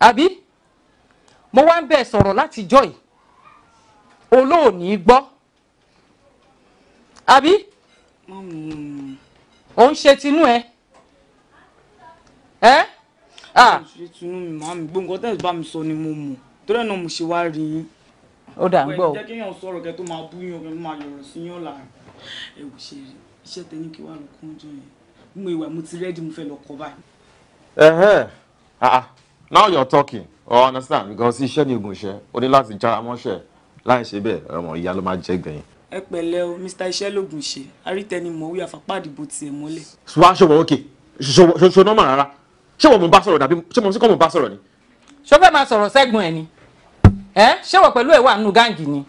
àbí mo wá ń bẹ̀ sọ̀rọ̀ láti jọ́ yìí olóòní gbọ́ àbí ò ń ṣe tinú ẹ ẹ. ṣe tinú mi màmí gbogbo nǹkan tẹ́sí bá mi sọ ni mo mọ̀ torí ẹ̀ náà mo ṣe wá rí i. ó dà ń gbọ́ o. jẹ́ kéèyàn sọ̀rọ̀ kẹ́ tó máa bú yín ọkẹ́ tó máa yọ̀rọ̀ sí yín ọ̀la. ẹ wò ṣe rí iṣẹ́ tẹ kí wàá lọ kún jọ yẹn mo ìwà mo ti rẹ́dí mo fẹ́ lọ kọ báyìí. Ah, now you're talking oh, understand because iṣẹ́ ni oògùn iṣẹ́ o ní láti jára mọ́ṣẹ́ láì ṣe bẹ́ẹ̀ ọmọ ìyá ló máa jẹ́ gbẹ̀yìn ẹ pẹ̀lẹ́ o mr iṣẹ́lógún ṣe arítẹnimọ̀wé àfapáàdìbò tiẹ̀ mọ́lẹ̀. wá ṣọwọ́ òkè ṣoṣo nọ́mà rárá ṣé wọ́n mú bá sọ̀rọ̀ dàbí ṣé mo sí kọ́ mú bá sọ̀rọ̀ ni. ṣó fẹ́ máa sọ̀rọ̀ sẹ́gun ẹ̀ ni ẹ ṣé wọ́n pẹ̀lú ẹ̀ wà nù gáǹgì ni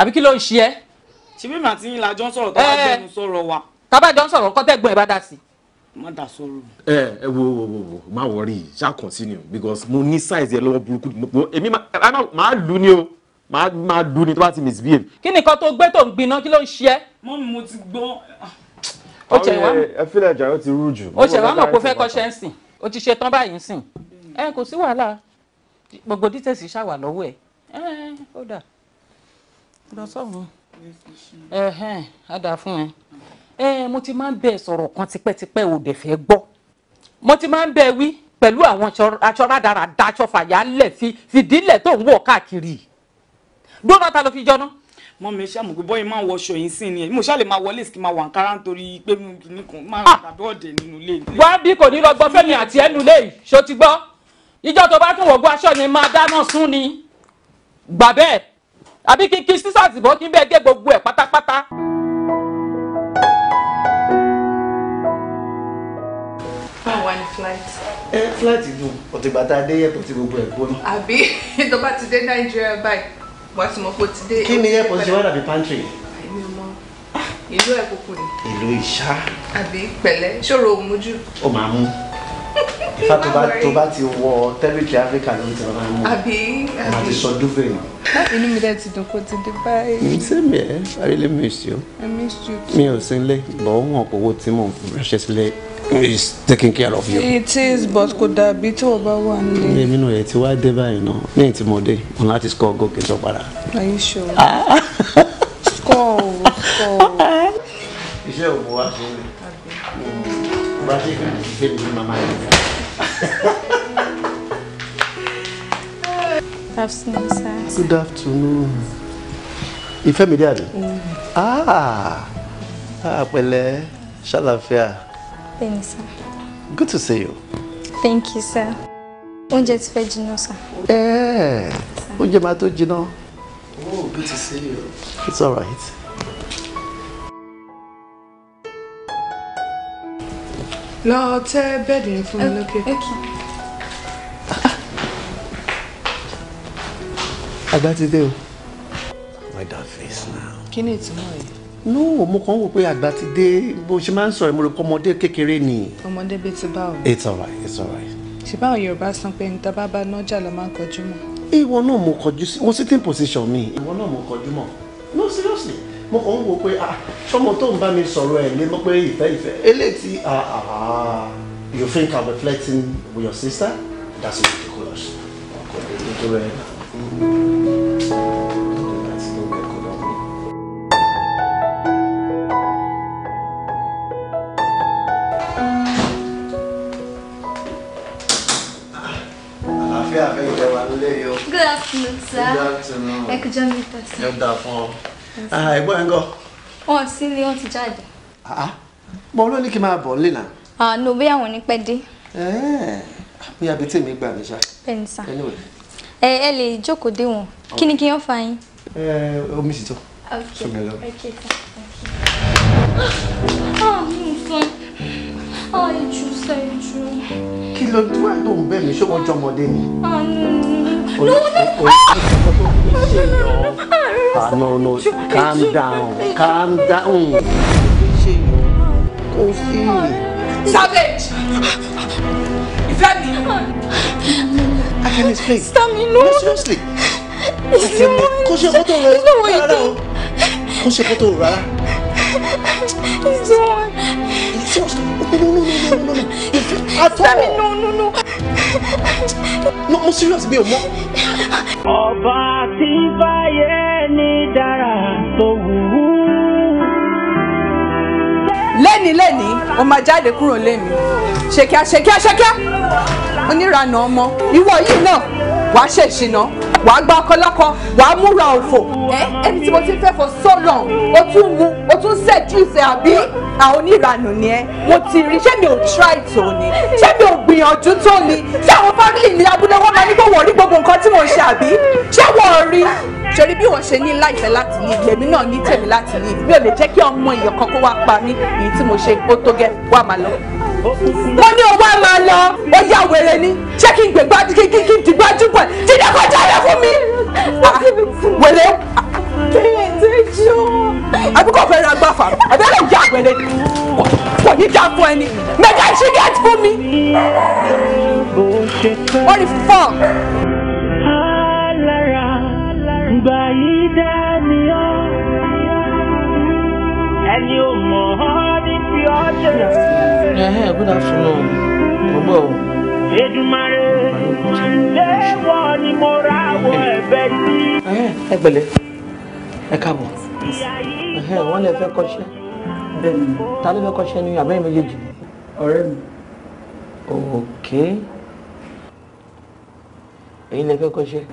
àbí kí ló ń ṣe ẹ́. ṣé bí màtí yín la jọ ń sọ̀rọ̀ tó bá jẹ́nu sọ̀rọ̀ wa. tábà jọ ń sọ̀rọ̀ kọ́tẹ́gbọ̀n ẹ̀ bá dà sí. má dà sọ̀rọ̀. ẹ ẹ wo wo wo wo má wọrí continue because mo ní size yẹn lọ́wọ́ burúkú èmi máa lù ní o máa máa dùn ni tó bá ti misbehave. kí nìkan tó gbé tó ń gbiná kí ló ń ṣe é. mọ́ mi mo ti gbọ́. ó ṣe wá ẹ fílẹ̀ jà ó ti rú jù. ó ṣe wá mọ̀ kó fẹ́ kọ́ṣẹ́ ń sìn ó ti ṣe tán báyìí ń sìn. ẹ kò sí wàhálà gbogbo details ṣàwà lọ́wọ́ ẹ̀ ẹ ó dà lọ sọ́hun ẹ̀hẹ́n á dà fún ẹ ẹ mo ti máa ń bẹ sọ̀rọ̀ kan tipẹ́tipẹ́ ò dẹ̀ fẹ́ gbọ́ mo ti máa ń bẹ wí pẹ̀lú àwọn aṣọ dúró ta ló fi jọ́nà. mọ mi ṣáà mo gbé máa ń wọṣọ yìí sí ni mo ṣáà máa wọlé sí máa wà ń kára nítorí pé mo kì í máa ń ah! tàbí ọ̀dẹ̀ nínú ilé. wá bí kò ní lọ fẹ́mi àti ẹnu lé ṣó ti gbọ́ ìjọ tó bá tún wọ̀gbọ́ aṣọ ni máa dáná sún ni gbà bẹ́ẹ̀ àbí kí kí sísàtì bọ́ kí bẹ́ẹ̀ gé gbogbo ẹ̀ pátápátá. báwa ni flight. ẹ eh, flight dùn ọ̀tìgbà tá a dé yẹ̀tọ̀ tí gbogbo ẹ̀ gbóná. àbí <laughs> tó ti dé nàìjíríà báyìí wàá ti mọ̀ pé ó ti dé. kí ni airport ṣe wá dàbí pantry. àìní ọmọ ìlú ẹ̀ kúkú ni. ìlú ìṣá. àbí pẹ̀lẹ́ ṣòro òmùjú. ó máa mú ìfá <laughs> tó bá tó bá ti wọ tẹ́rìtì áfíríkà ló ń ti rán mú àbí àbí àti sọ dúfẹ́ nù. inú mi dẹ̀ ti dùn kó ti dé báyìí. Mm, same here I really miss you. I miss you too. mi ò sí ilé bọ̀ wọ́n pọ̀ owó tí mò ń ránṣẹ́ sílé is taking care of you. it is but kò dàbí tí o bá wà nílé. èmi náà ẹ ti wá dé báyìí náà lẹ́yìn tí mo dé òun láti score gòkè tó padà. are you sure. Ah. score o score. iṣẹ́ òwò wa ṣe é bá ṣe kí n ṣe mi máa máa yẹ. Good afternoon, sir. Good afternoon. Ìfẹ́ mi dé àbí? Mm. Ah, ah, pẹ̀lẹ́, ṣàlàfíà. Bẹ́ẹ̀ni, sir. Good to see you. Thank you, sir. Oúnjẹ ti fẹ́ jiná, sir. Eh. oúnjẹ máa tó jiná. Oh, good to see you. It's all right. Lord, tẹ́ bẹ́ẹ̀dì yẹn fún mi lókè. Àgbà ti dé o. Why that face now? Can you ìtumọ̀ yìí? no mo kàn ń wò pé àgbà ti dé bó ṣe máa ń sọ̀rọ̀ mo rò pé kékeré ni. ọmọdé bíi ti báwo. it's alright it's alright. ṣùgbọ́n àwọn yorùbá sọ pé níta bá bá nájà ló máa ń kọjú mọ́. ìwọ náà mo kọjú sí mo sitting position mi ìwọ náà mo kọjú mọ́ no seriously mo kàn ń wò pé ah sọmọ tó ń bá mi sọ̀rọ̀ ẹ̀ lé mọ́ pé ìfẹ́ ìfẹ́ eléyìí ah ah you think I'm reflecting with your sister that's ridiculous. Okay, ẹ kò jẹ́ mi tẹ̀ sí. ẹ dà fún ọ ah, ẹ̀gbọ́n ẹ ń gọ. wọn sí ilé wọn ti jáde. bọ́ ah, ọ ah. ló ní kí n máa bọ̀ nílé náà. àánú bí àwọn ní pẹ́ dé. bóyá bíi tèmi gbà mí ṣá. bẹ́ẹ̀ ẹ ẹ lè jókòó dé wọn kí ni kí wọ́n fa yín. omi sì tó. ok ah mi ò sọ ah ìjù sẹ ìjù. kí ló dúró àdóhùn bẹ́ẹ̀ mi ṣé wọ́n jọmọdé ni. ah no Oh, no, no. Ah, no, no. Calm down. Calm down. Kofi. Savage! Ìfẹ́ mi. I can explain. Stamina. No, seriously. Kò ṣe kótó rẹ̀ rárá o. Kò ṣe kótó rárá. It's not. Seriously. No, no, no, no, no, no. Ìfẹ́ atọ́. Stamina, no, no, no no mo serious mi ò mọ. ọba tí báyé ní dára tó wù ú. lẹ́ni lẹ́ni o máa jáde kúrò lẹ́mi ṣèkíá ṣèkíá ṣèkíá oníranà ọmọ ìwọ yìí náà wàá ṣèṣìnà wàá gba ọkọ lọ́kọ wàá múra òfò ẹ ẹni tí mo ti fẹ́ for so long o tún mu o tún seduce àbí àwọn oníranù ni ẹ mo ti rí ṣé mi ò try tó ni ṣé mi ò gbìyànjú tó ni ṣé àwọn family ní abúlé wọn máa ní kó wọ́n rí gbogbo nǹkan tí mò ń ṣe àbí ṣé wọ́n rí torí bí wọ́n ṣe ní láìpẹ́ láti ní ìlú èmi náà ní tèmi láti ní ìlú mi ò lè jẹ́ kí ọmọ èèyàn kan kó wá pa mí èyí tí mo ṣe ó tó gẹ́ wá máa lọ mo ní owó a máa lọ ó yá wèrè ni ṣé kí n gbè gbájú kí kí n ti gbájú pọ̀ tí ní kò jáde fún mi. wèrè àbí kò fẹ́ ra gbàfà àbí ẹ̀rọ ìyá àgbẹ̀lẹ̀ kò ní dá fún ẹni mẹ́ta ṣígẹ́t fún mi. wọ́n ní fọ́. alára gbà yí dá mi ọ́ ẹni ò mọ̀ ọ́ ní fi ọ́ ṣe Yeah, good afternoon. Bobo. Èdùmàrè léwọ ni mo ra wọ ẹ̀bẹ̀ sí. Ẹ pẹ̀lẹ́, ẹ káàbọ̀. Wọ́n lè fẹ́ kọ́ṣẹ́. Bẹ́ẹ̀ni. Ta ló fẹ́ kọ́ṣẹ́ Okay. abẹ́yìn méjèèjì? Ọ̀rẹ́ mi. Òkè. Èyí lè fẹ́ kọ́ṣẹ́.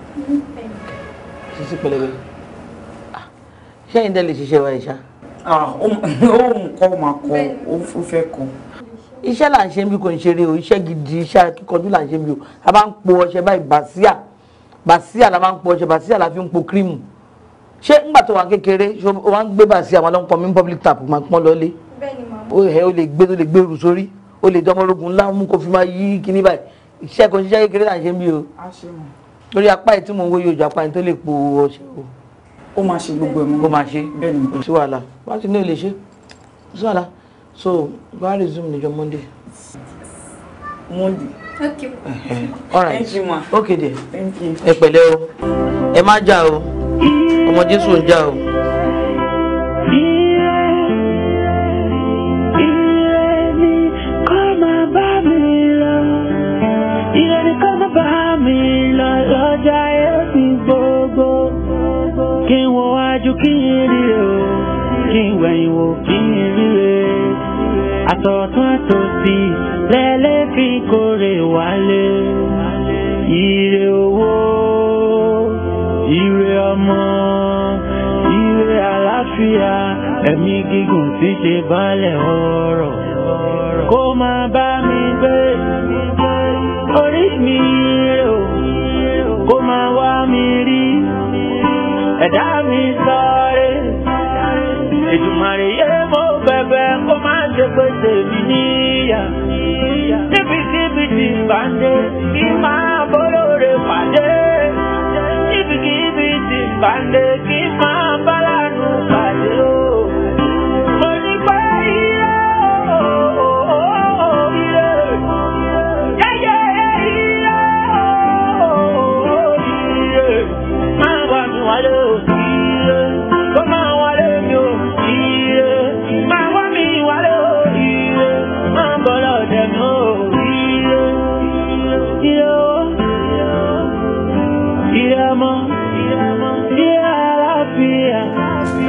Sisi pẹlẹbẹ. Ah, ṣé ẹ̀yin dẹ́ lè ṣiṣẹ́ wa ẹ̀ṣá? Ah, ó ń kọ́ ó máa kọ́ ó fẹ́ kọ́ iṣẹ́ là ń ṣe bí kò ń ṣeré o iṣẹ́ gidi iṣẹ́ kíkanjú là ń ṣe bí o a bá ń po ọṣẹ báyìí bàṣíà bàṣíà la máa ń po ọṣẹ bàṣíà la fi ń po kírímù ṣé ńgbà tó wà kékeré ṣé o ń gbé bàṣíà wọn lọ́nkọ mi ń public tap máa pọ́n lọ́lé o lè gbé o lè gbé irun sórí o lè dọmọlógún ńlá mú kó fi máa yí kíní báyìí iṣẹ́ kan ṣiṣẹ́ kékeré là ń ṣe bí o lórí apá ẹ̀ tí mò ń wóye ojú apá ẹ̀ So, go and resume níjọ́ Monday. Monday. Okay. Uh-huh. All right. Thank you, ma. Okay, dear. Thank you. Ẹ pẹ̀lẹ́ o. Ẹ má jà o. Ọmọ kí n wájú kí n rí o kí wẹ̀yìn wò kí n rí rẹ̀ àtọ̀tún tòsí lẹ́lẹ́ fi kórè wálé ire owó ire ọmọ ire àlàáfíà ẹ̀mí gígùn tí ṣe balẹ̀ ọrọ̀ kó máa bá mi gbé orí mi ire o kó máa wá mi rí ẹ̀dá mi sọ̀rẹ́ Èdùmàrè yé mo bẹ̀bẹ̀ kó má ṣe pé tèmi níyà. níbi kíbi tí bá ń dé kí máa bọ́lọ́ rẹ̀ pàdé. níbi kíbi tí bá ń dé kí máa bá.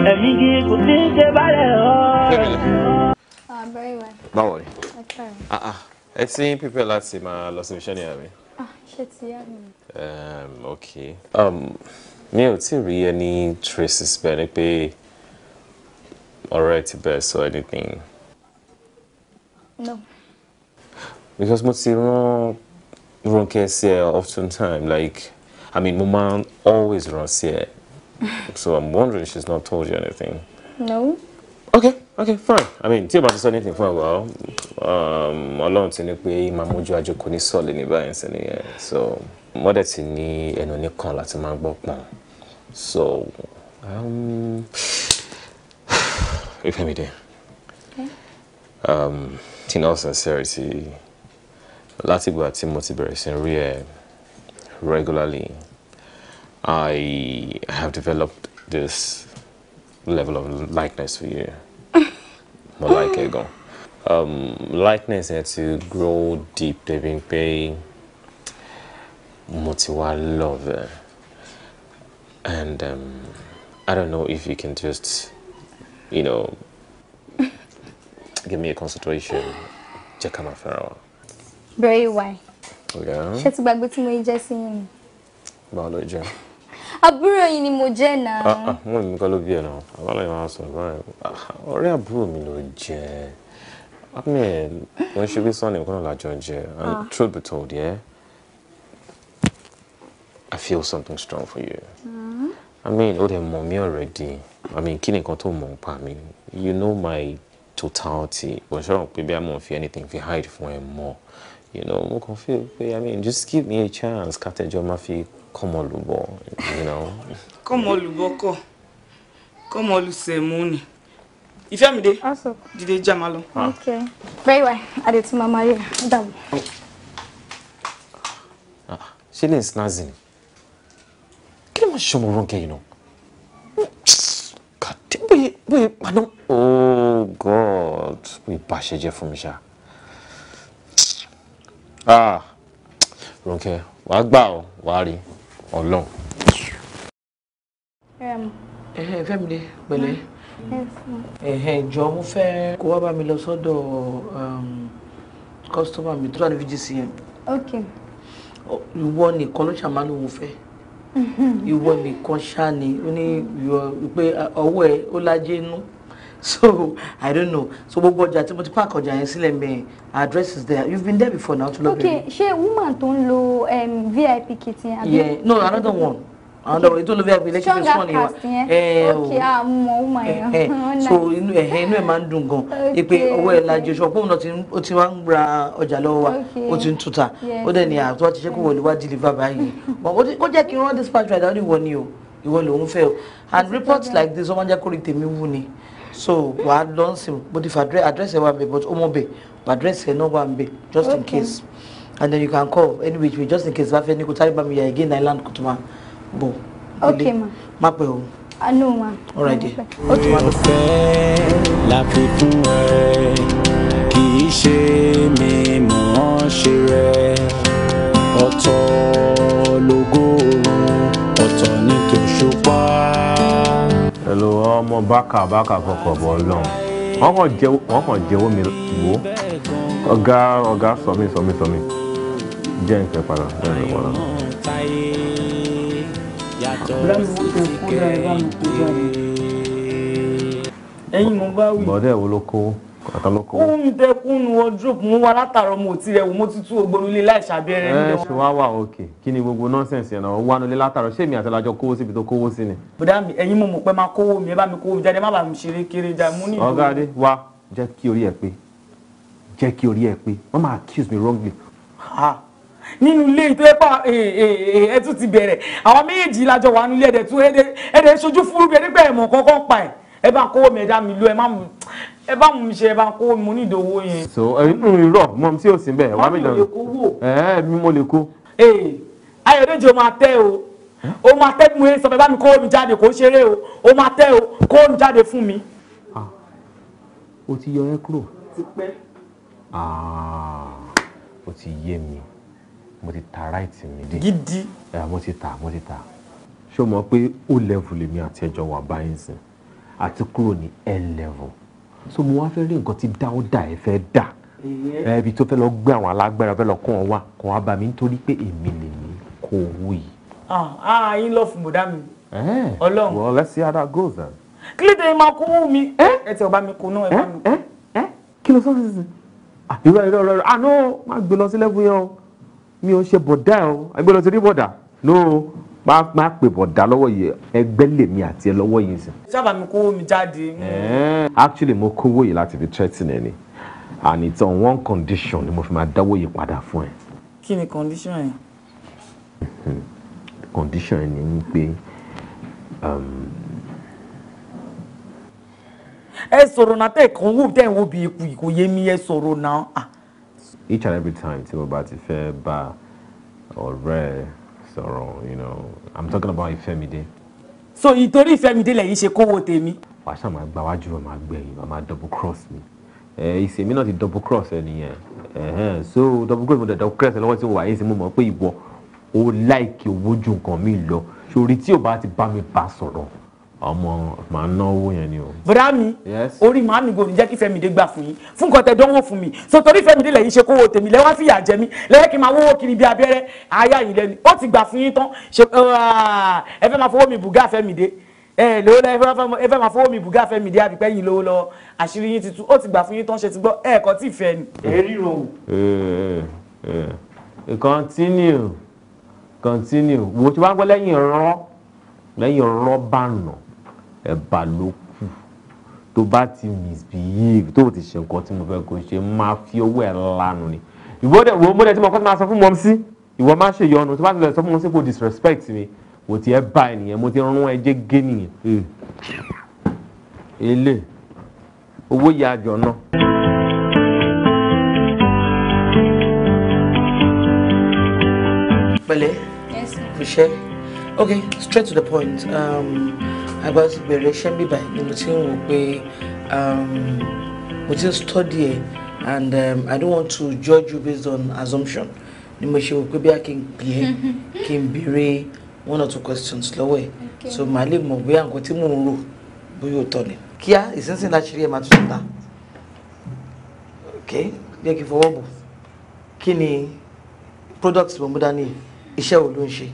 Ah, I'm very well. Don't worry. Okay. Ah o. báwo ni ẹ ah, ah. ti ń pípẹ́ láti máa lọ sí iṣẹ́ ní àmì. ṣé ti yá mi. ok um, mi ò tí ì rí ẹni traces bẹ́ẹ̀ ni pé ọ̀rẹ́ ti bẹ́ẹ̀ anything. no. because most of rán Ronke sí ẹ often time like I mean mo máa always runs here. <laughs> so I'm wondering she's not told you anything. No. Okay, okay, fine. I mean, tí o bá anything for a while, àwa Ọlọ́run ti ní pé máa mójú àjòkò ní sọ́ọ̀lì ní báyìí sí nìyẹn so mọ́dẹ̀ ti ní ẹnu nìkan láti máa gbọ́ pọ̀n so um, <sighs> um, in all sincerity látìgbà tí mo ti bẹ̀rẹ̀ sí regularly. I have developed this level of likeness for you. <laughs> More like ego. Um, likeness had to grow deep. They've been paying Motiwa love. And um, I don't know if you can just, you know, <laughs> give me a consideration. check Farrell. Very why. Yeah. Ṣé ti gbàgbé tí mo yí àbúrò yìí ni mo jẹ́ náà. wọ́n mi kọ́ ló bí ẹ̀ náà abálẹ̀ máa sọ báyìí ah, ọ̀rẹ́ àbúrò mi ló jẹ́ àmì ẹ̀ wọ́n ṣe bí sọ́ọ̀nì nǹkan náà jẹ́ and ah. truth be told yeah, I feel something strong for you. Mm-hmm. I mean ó dẹ̀ mọ̀ mí already I mean kí nìkan tó mọ̀ pa mi you know my totality bọ̀ ṣọ́run pé bí a mọ̀ fi anything fi hide fún ẹ mọ́ you know mo kàn feel pé I mean just give me a chance kátẹ́jọ́ máa fi Komolubo, you know. Komoluboko. Komolusemuni. Ifemide. Also. Dìde Jamalo. Ah. Okay. Very well. Adé tí màmá yẹ. Ó Ah, she lè snazzy ni? Kí ló máa ṣe ọmọ Ronke yìí náà? Kàdé boy, bóyá paná. Oh God! Bóyá bá ṣe jẹ́ fún mi Ah! Ronke, wàá gbà ọ́, wàá rí Ọlọ́run. Fẹ́mìlẹ́ pẹ̀lẹ́. Ìjọ mo fẹ́ kó wá bá mi lọ sọ́dọ̀ kọ́sítọ́mà um, mi tó wà ní VGCM. Ìwọ nìkan ló ṣàmánú òun fẹ́ mm-hmm. ìwọ nìkan ṣáà ni ó ní pé ọwọ́ ẹ ó lájẹ́ inú so i don't know so gbogbo ọjà tí mo ti park ọjà yẹn sílẹ̀ mẹ́rin address is there you've been there before now to lọ bẹ̀rẹ̀. okay ṣé woman tó ń lo vip kit yẹn. yeah no another one another one ètò ló vip lẹ́kí fi sùn ni wa. Eh, oh. okay àmọ́ ah, woman yẹn. Eh, eh. <laughs> so inú ẹ̀ inú ẹ̀ máa ń dùn gan ipe ọwọ́ ẹ̀ lajú oṣù ọ̀pọ̀ òun ó ti wá ń ra ọjà lọ́wọ́ wa ó ti ń tuta ó dẹ̀ ní àtúwá ah, ti ṣe kó wọlé wá deliver báyìí <laughs> ó jẹ́ kí n rán dispatch rider ó ní ìwọ ni o ìwọ lòun fẹ́ o and reports like this ọmọ jẹ́ kórìí tèmi wú ni so wàá lọ sí but if address ẹ wà ń bẹ but be, bẹ address ẹ no wà ń bẹ just in case and then you can call any which way just in case bá fẹ́ ní kò tàbí bá mi yà again island kò tó ma. bọ̀ ilé má pẹ́ o. àánú ah, wa all right there. láfikún ẹ kì í ṣe mi mọ̀ ọ́n ṣe rẹ ọ̀tọ̀ lógo ọ̀tọ̀ ní tòṣùpá pẹ̀lú ọmọ bákà bákà kọkọ̀ bọ̀ lọ́hùn wọ́n kàn jẹ́wọ́ mi wò ọ̀gá ọ̀gá sọ̀mí sọ̀mí sọ̀mí jẹ́ nǹkan padà jẹ́ nǹkan padà. ẹ̀yin mo bá wí. bọ́dẹ̀ wo ló kó oúnjẹ kúnnu wardrobe mú wa látàrọ mo ti rẹwù mo ti tú ogbonu ilé láì ṣàbẹ̀rẹ̀ nílẹ̀ wọn. ṣé wàá wà òkè kí ni gbogbo nọ́ọ̀sẹ̀nsì ẹ̀nà wà nílé látàrọ ṣé èmi àti ọlájọ kówó síbi tó kówó sí ni. bùdá mi mo mọ̀ pé máa kówó mi ẹ bá mi kówó jáde má bàa mi ṣeré kéré já mú ní. ọ̀gá adé wa jẹ́ kí orí ẹ pé jẹ́ kí orí ẹ pé wọ́n máa accuse me wrongly. nínú ilé ìtọ́ ẹ̀pà eh, eh, eh, ẹ tún ti bẹ̀rẹ̀ àwọn méjèèjì lájọ wà nílé ẹ̀dẹ̀ tún ẹ̀dẹ̀ ṣojú fúrú bí ẹni pé ẹ̀mọ̀ kọ́kọ́ pa ẹ̀ ẹ bá kówó mi ẹ̀dá mi lú ẹ má ẹ bá mú ṣe ẹ bá kó mo ní ìdòwò yẹn. so n rọ mọ tí o sì bẹ wà mí lọ ẹ mi mo lè kó. ee ayọ̀dẹ́jì o máa tẹ́ o o máa tẹ́ mo yẹn sọ fẹ́ bá mi kó omi jáde kó ṣeré o o máa tẹ́ o kó omi jáde fún mi. o ti yọ ẹ kúrò. tipẹ́. o ti yé mi mo ti ta right mi dé. gidi. mo ti ta mo ti ta ṣé o mọ̀ pé o level lèmi àti ẹjọ́ wà báyìí sìn àti kúrò ní L level so mo wá fẹ́ rí nǹkan tí dáódà ẹ fẹ́ dà ẹbí tó fẹ́ lọ gbé àwọn alágbára fẹ́ lọ kọ́ wọn wá kọ́ wọn bá mi nítorí pé èmi lè ní kó owó yìí. ah yín lọ fún bùdá mi. Eh, ọlọ́run well let's see how that goes then. kí ló dé máa kó owó mi eh? ẹ ti ọba mi kó náà ẹ bá eh, mi kó. kí ló sọ fún sísè ah, irọ́ irọ́ irọ́ ah no má gbé lọ sí lẹ́bù yẹn o mi ò ṣe bọ̀dá o ẹgbẹ́ lọ sí rí bọ̀dá no má má pè bọ̀dá lọ́wọ́ yìí ẹgbẹ́ lèmi àti ẹ lọ́wọ́ yìí sìn. sábà mi kówó mi jáde. actually mo kówó yìí láti fi threaten ẹ ni and it's on one condition ni mo fi máa dáwọ́ yìí padà fún ẹ. kí ni condition yẹn. Hmm. condition yẹn ni wípé. Um, ẹ sọ̀rọ̀ náà tẹ̀ kàn wù tẹ̀ wù bí ikú kò yé mi ẹ sọ̀rọ̀ náà. Ah. each and every time tí mo bá ti fẹ́ bá ọ̀rẹ́ ẹ sọ̀rọ̀ you know i'm talking about Ìfẹ́midé. so ìtorí Ìfẹ́midé lẹ́yìn ṣe kówó tèmi. wàá ṣáà máa gbáwájú ọ̀ máa gbẹ̀yìn ọ̀ máa double cross mi ìsèmi náà ti double cross ẹ nìyẹn so double cross mo dẹ̀ double cross ẹ lọ́wọ́ tí mo wà yìí sí mo mọ̀ pé ìwọ o láìkì owó ju nǹkan mi lọ sórí tí o bá ti bá mi bá sọ̀rọ̀ ọmọ màá náwó yẹn ni o. bọ̀dá mi orí màá mi gòní jẹ́ kí Fẹ́mídé gbà fún yín fún kọ́tẹ́ dánwò fún mi so torí Fẹ́mídé lẹ́yìn ṣe kówó tèmi lẹ́wọ́n fìyà jẹ mí lẹ́yìn kí n máa wówó kiri bí abẹ́rẹ́ aya yìí lẹ́nu ó ti gbà fún yín tán ah, ẹ fẹ́ máa fowó mi bùgá Fẹ́mídé ẹ lówó lọ ẹ fẹ́ máa fowó mi bùgá Fẹ́mídé àbípẹ́ yìí lówó lọ àṣírí yín ti tú ó ti gbà fún yín tán ṣe ti gbọ́ ẹ kò continue continue wo ti wá gbọ́ lẹ́yìn rọ́ lẹ́yìn ẹ̀bà ló kù tó bá ti misbehave tó ti ṣe nǹkan tí mo fẹ́ kó ṣe máa fi owó ẹ̀ lánàá ni ìwọ dẹ wo mo dẹ tí mo kọ́ ti máa sọ fún mọ́m sí ìwọ má ṣe yọnu tó bá ti lọ sọ fún mọ́m sí kò disrespect mi mo ti ẹ bá ènìyàn mo ti rún ẹ jẹ́ gé nìyẹn. Hmm. ele owó yà àjọ náà. yes kò ṣe ok straight to the point. Um, àgbà ti bẹ̀rẹ̀ iṣẹ́ mi báyìí ni mo ti ń wò pé um, mo ti ń study ẹ̀ and um, I don't want to judge you based on assumption ni mo ṣe wò pé bí a kì í pè é kì í béèrè one or two questions lọ́wọ́ ẹ̀ so màá lè mọ̀ bóyá nǹkan tí mò ń rò bóyá òótọ́ ni kíá ìsinsìnyí láti rí ẹ̀ máa tuntun ta okay bí ẹ kì í fọwọ́ bò kí ni products mo mú dání iṣẹ́ wo ló ń ṣe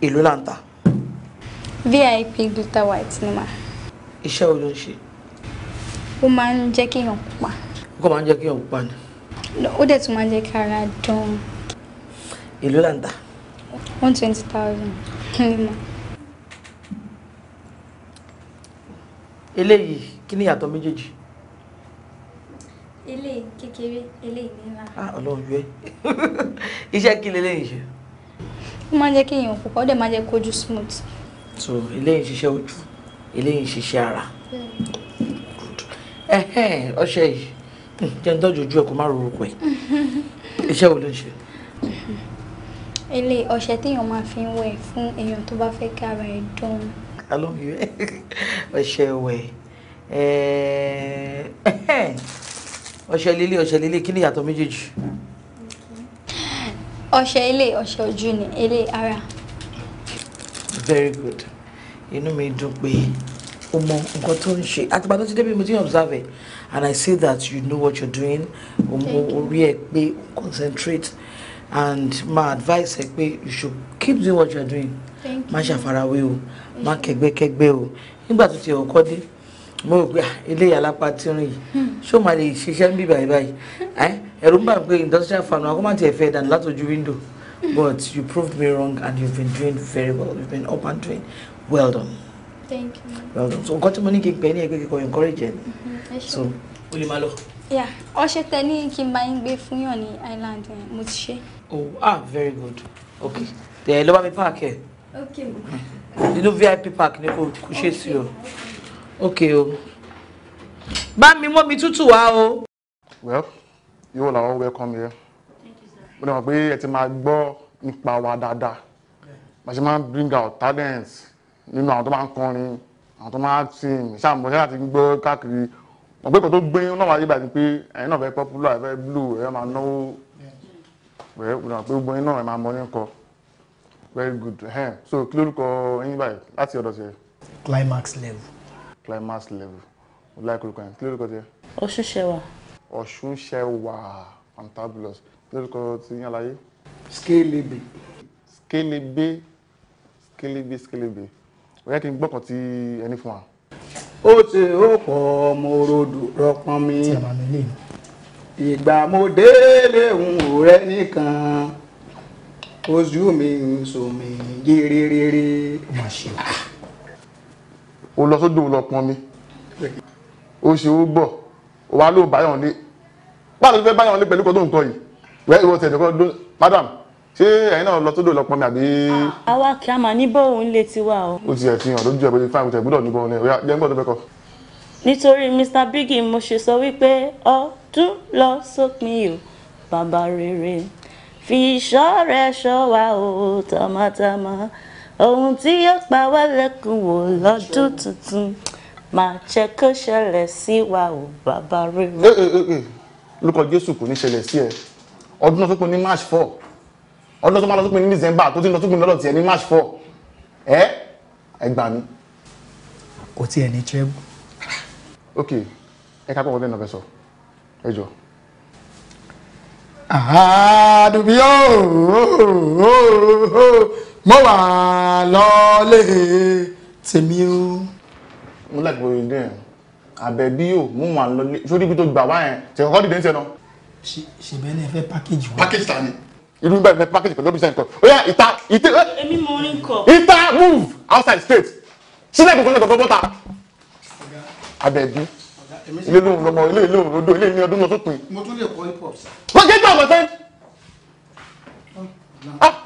èlò là ń tà. VIP glitter white ni ma. Iṣẹ́ wo ló ń ṣe? Ó máa ń jẹ́ kí èèyàn pupa. Ó kàn máa ń jẹ́ kí èèyàn pupa ni. Ó dẹ̀ tún máa ń jẹ́ kí ara dán. Èló là ń tà? One twenty thousand ni mà. Eléyìí kí ni ìyàtọ̀ méjèèjì? eléyìí kékeré eléyìí ńlá. ah Ọlọ́run yọ ẹ <laughs> iṣẹ́ kí leléyìí ṣe. ó máa ń jẹ́ kí èèyàn pupa ó dẹ̀ máa ń jẹ́ kójú smooth so eléyìí ń ṣiṣẹ́ ojú eléyìí ń ṣiṣẹ́ ara ọṣẹ yìí hmm, jẹ́ ń tọ́jú ojú ẹ̀ kó má rorúkọ ẹ̀ <laughs> iṣẹ́ wo ló ń ṣe. ilé ọṣẹ téèyàn máa fi ń wẹ̀ fún èèyàn tó bá fẹ́ kára ẹ̀ dán. alóhùn <laughs> ọṣẹ wẹ̀ ọṣẹ líle ọṣẹ líle kí ni ìyàtọ̀ méjèèjì. ọṣẹ ilé ọṣẹ ojú ni ilé ara very good inú mi dùn pé o mọ nǹkan tó ń ṣe àtìgbà tó ti débi mo ti ń observe it and i say that you know what you're doing o mọ orí ẹ pé concentrate and my advice ẹ pé you should keep doing what you're doing má ṣàfarawé o má kẹgbẹ́kẹgbẹ́ o nígbà tó ti ọkọ dé mo rò pé ilé ah, alápá tí ń rìn yìí hmm. ṣé o máa lè ṣiṣẹ́ ń bì báyìí báyìí ẹ̀rù ń bà pé industrial farm àwọn kó dànù látòjú window but you proved me wrong and you've been doing very well. You've been up and doing. Well done. Thank you. Well done. So got tí mo ní kí n pè ní ẹgbẹ́ kíkọ encourage ẹ. Mm-hmm. So o lè malo. Yeah, ọṣẹ tẹ ní kí n bá yín gbé fún yàn island yẹn, mo Oh, ah, very good. Okay. The lọ bá park here. Okay. Inú VIP park ni kò kò ṣe sí Okay Oh. Bá mi mọ́ mi tútù wá o. Well, you all are all welcome here mo dẹ̀ mọ̀ pé ẹ ti máa gbọ́ nípa wa dáadáa mo ṣe máa bring out talent nínú àwọn tó máa ń kọrin àwọn tó máa ń sìn ṣàmùsẹ́ láti gbọ́ káàkiri mo pé kò tó gbé náà wáyé báyìí pé ẹ̀yin náà fẹ́ popular ẹ blue ẹ máa náwó pé gbogbo yín náà máa mọ yín kọ very good ehem so kí lórúkọ yín báyìí láti ọ̀dọ̀ tiẹ̀. climax level. climax level mo láì kúrò kan kí lórúkọ tiẹ̀. ọ̀ṣunṣẹ́wà. ọ̀ṣunṣẹ́wà fantabulous lórúkọ ti àlàyé. skelebe. skelebe skelebe skelebe ọ̀yẹ́ kí n gbọ́kàn tí ẹni fún wa. ó ti ó pọ̀ mo rodò rọpọn mi ìgbà mo délé ń rẹ nìkan ojú mi ń so mi gíríríré. ó lọ sódò lọ pọn mi ó ṣe ó gbọ́ ó wá ló báyọ̀ ní báyọ̀ ní pẹ̀lú kọ́ tó ń kọ́ yìí wẹ́ẹ́ ìwọ tẹ̀lé madam ṣé ẹ̀yin náà lọ tó dò lọ́pọ̀ mi àbí. Ah, àwa kì á máa ní bóun lè ti wà o. ó ti ẹ̀ fi hàn lójú ẹ̀ pé fáwọn ìtẹ̀ gbọ́dọ̀ ní bóun ni Mr Biggie Moshe, ṣe sọ wípé ọdún lọ sópin o bàbá rere fi ìṣọ́ rẹ ṣọ́ wa o tọmọtọmọ ohun tí yóò pa wá lẹ́kùn wò lọ́dún tuntun máa jẹ́ kó ṣẹlẹ̀ sí wa o bàbá rere. Eh, eh, eh, lókọ Jésù kò ní ṣẹlẹ̀ ọdún náà tó pin ní march four ọdún tó máa lọ tó pin ní december tó ti lọ tó pin lọ́dọ̀ tiẹ̀ ní march four ẹ ẹ gbà mí. kò tiẹ̀ ní trẹ́bù. ok ẹ ká pọ̀wọ́ lẹ́nu ọ̀fẹ́ sọ ẹ jọ. àdùbí ooo mo wà lọ́lé tèmi o. mo láti bọ̀ yìí dẹ́n àbẹ̀bí yóò mú wà lọ́lé sórí ibi tó gbà wá yẹn tẹ̀kọ́kọ́ dìde ń tẹ̀ náà ṣèbẹ́ lè fẹ́ package wa. package ta ni irú bẹ́ẹ̀ fẹ́ package pẹ̀lú ọ́fíìsì ẹ̀kọ́ oya ìta ìta. èmi mo rí nǹkan. ìta move outside state sílẹ̀ kò kọ́lẹ̀ kọ́kọ́ bọ́ta. abẹ́bí ilé lóhùn lọmọ ilé lóhùn lọdọ ilé ní ọdún lọ tó pin. mo tún lè kọ hip hop sa. wọ́n jẹ́ jọ́ ọ̀mọ̀tẹ́.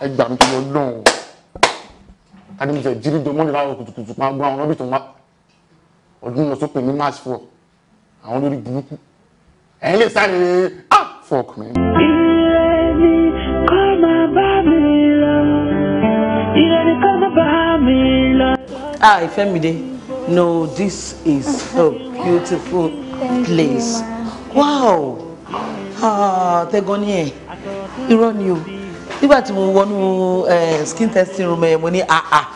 ẹ gbà mí tó lọ lọ́hùn. adémísẹ̀ jírí jọ mọ́lẹ̀ láàárọ̀ kùtùkùtù máa gbọ́ àwọn ọ̀nà bí tó máa ọdún lọ tó pin ní march four àwọn lórí burúkú ẹ̀yin lè sáré ah fún ọkùnrin. ilé ni kó máa bá mi lọ ilé ni kó máa bá mi lọ. Ah, no this is a beautiful place wow ah tẹ́gọ́ ní ẹ̀ irọ́ ni o nígbà tí mo wọnú eh, skin testing room ẹ̀ mo ní ah ah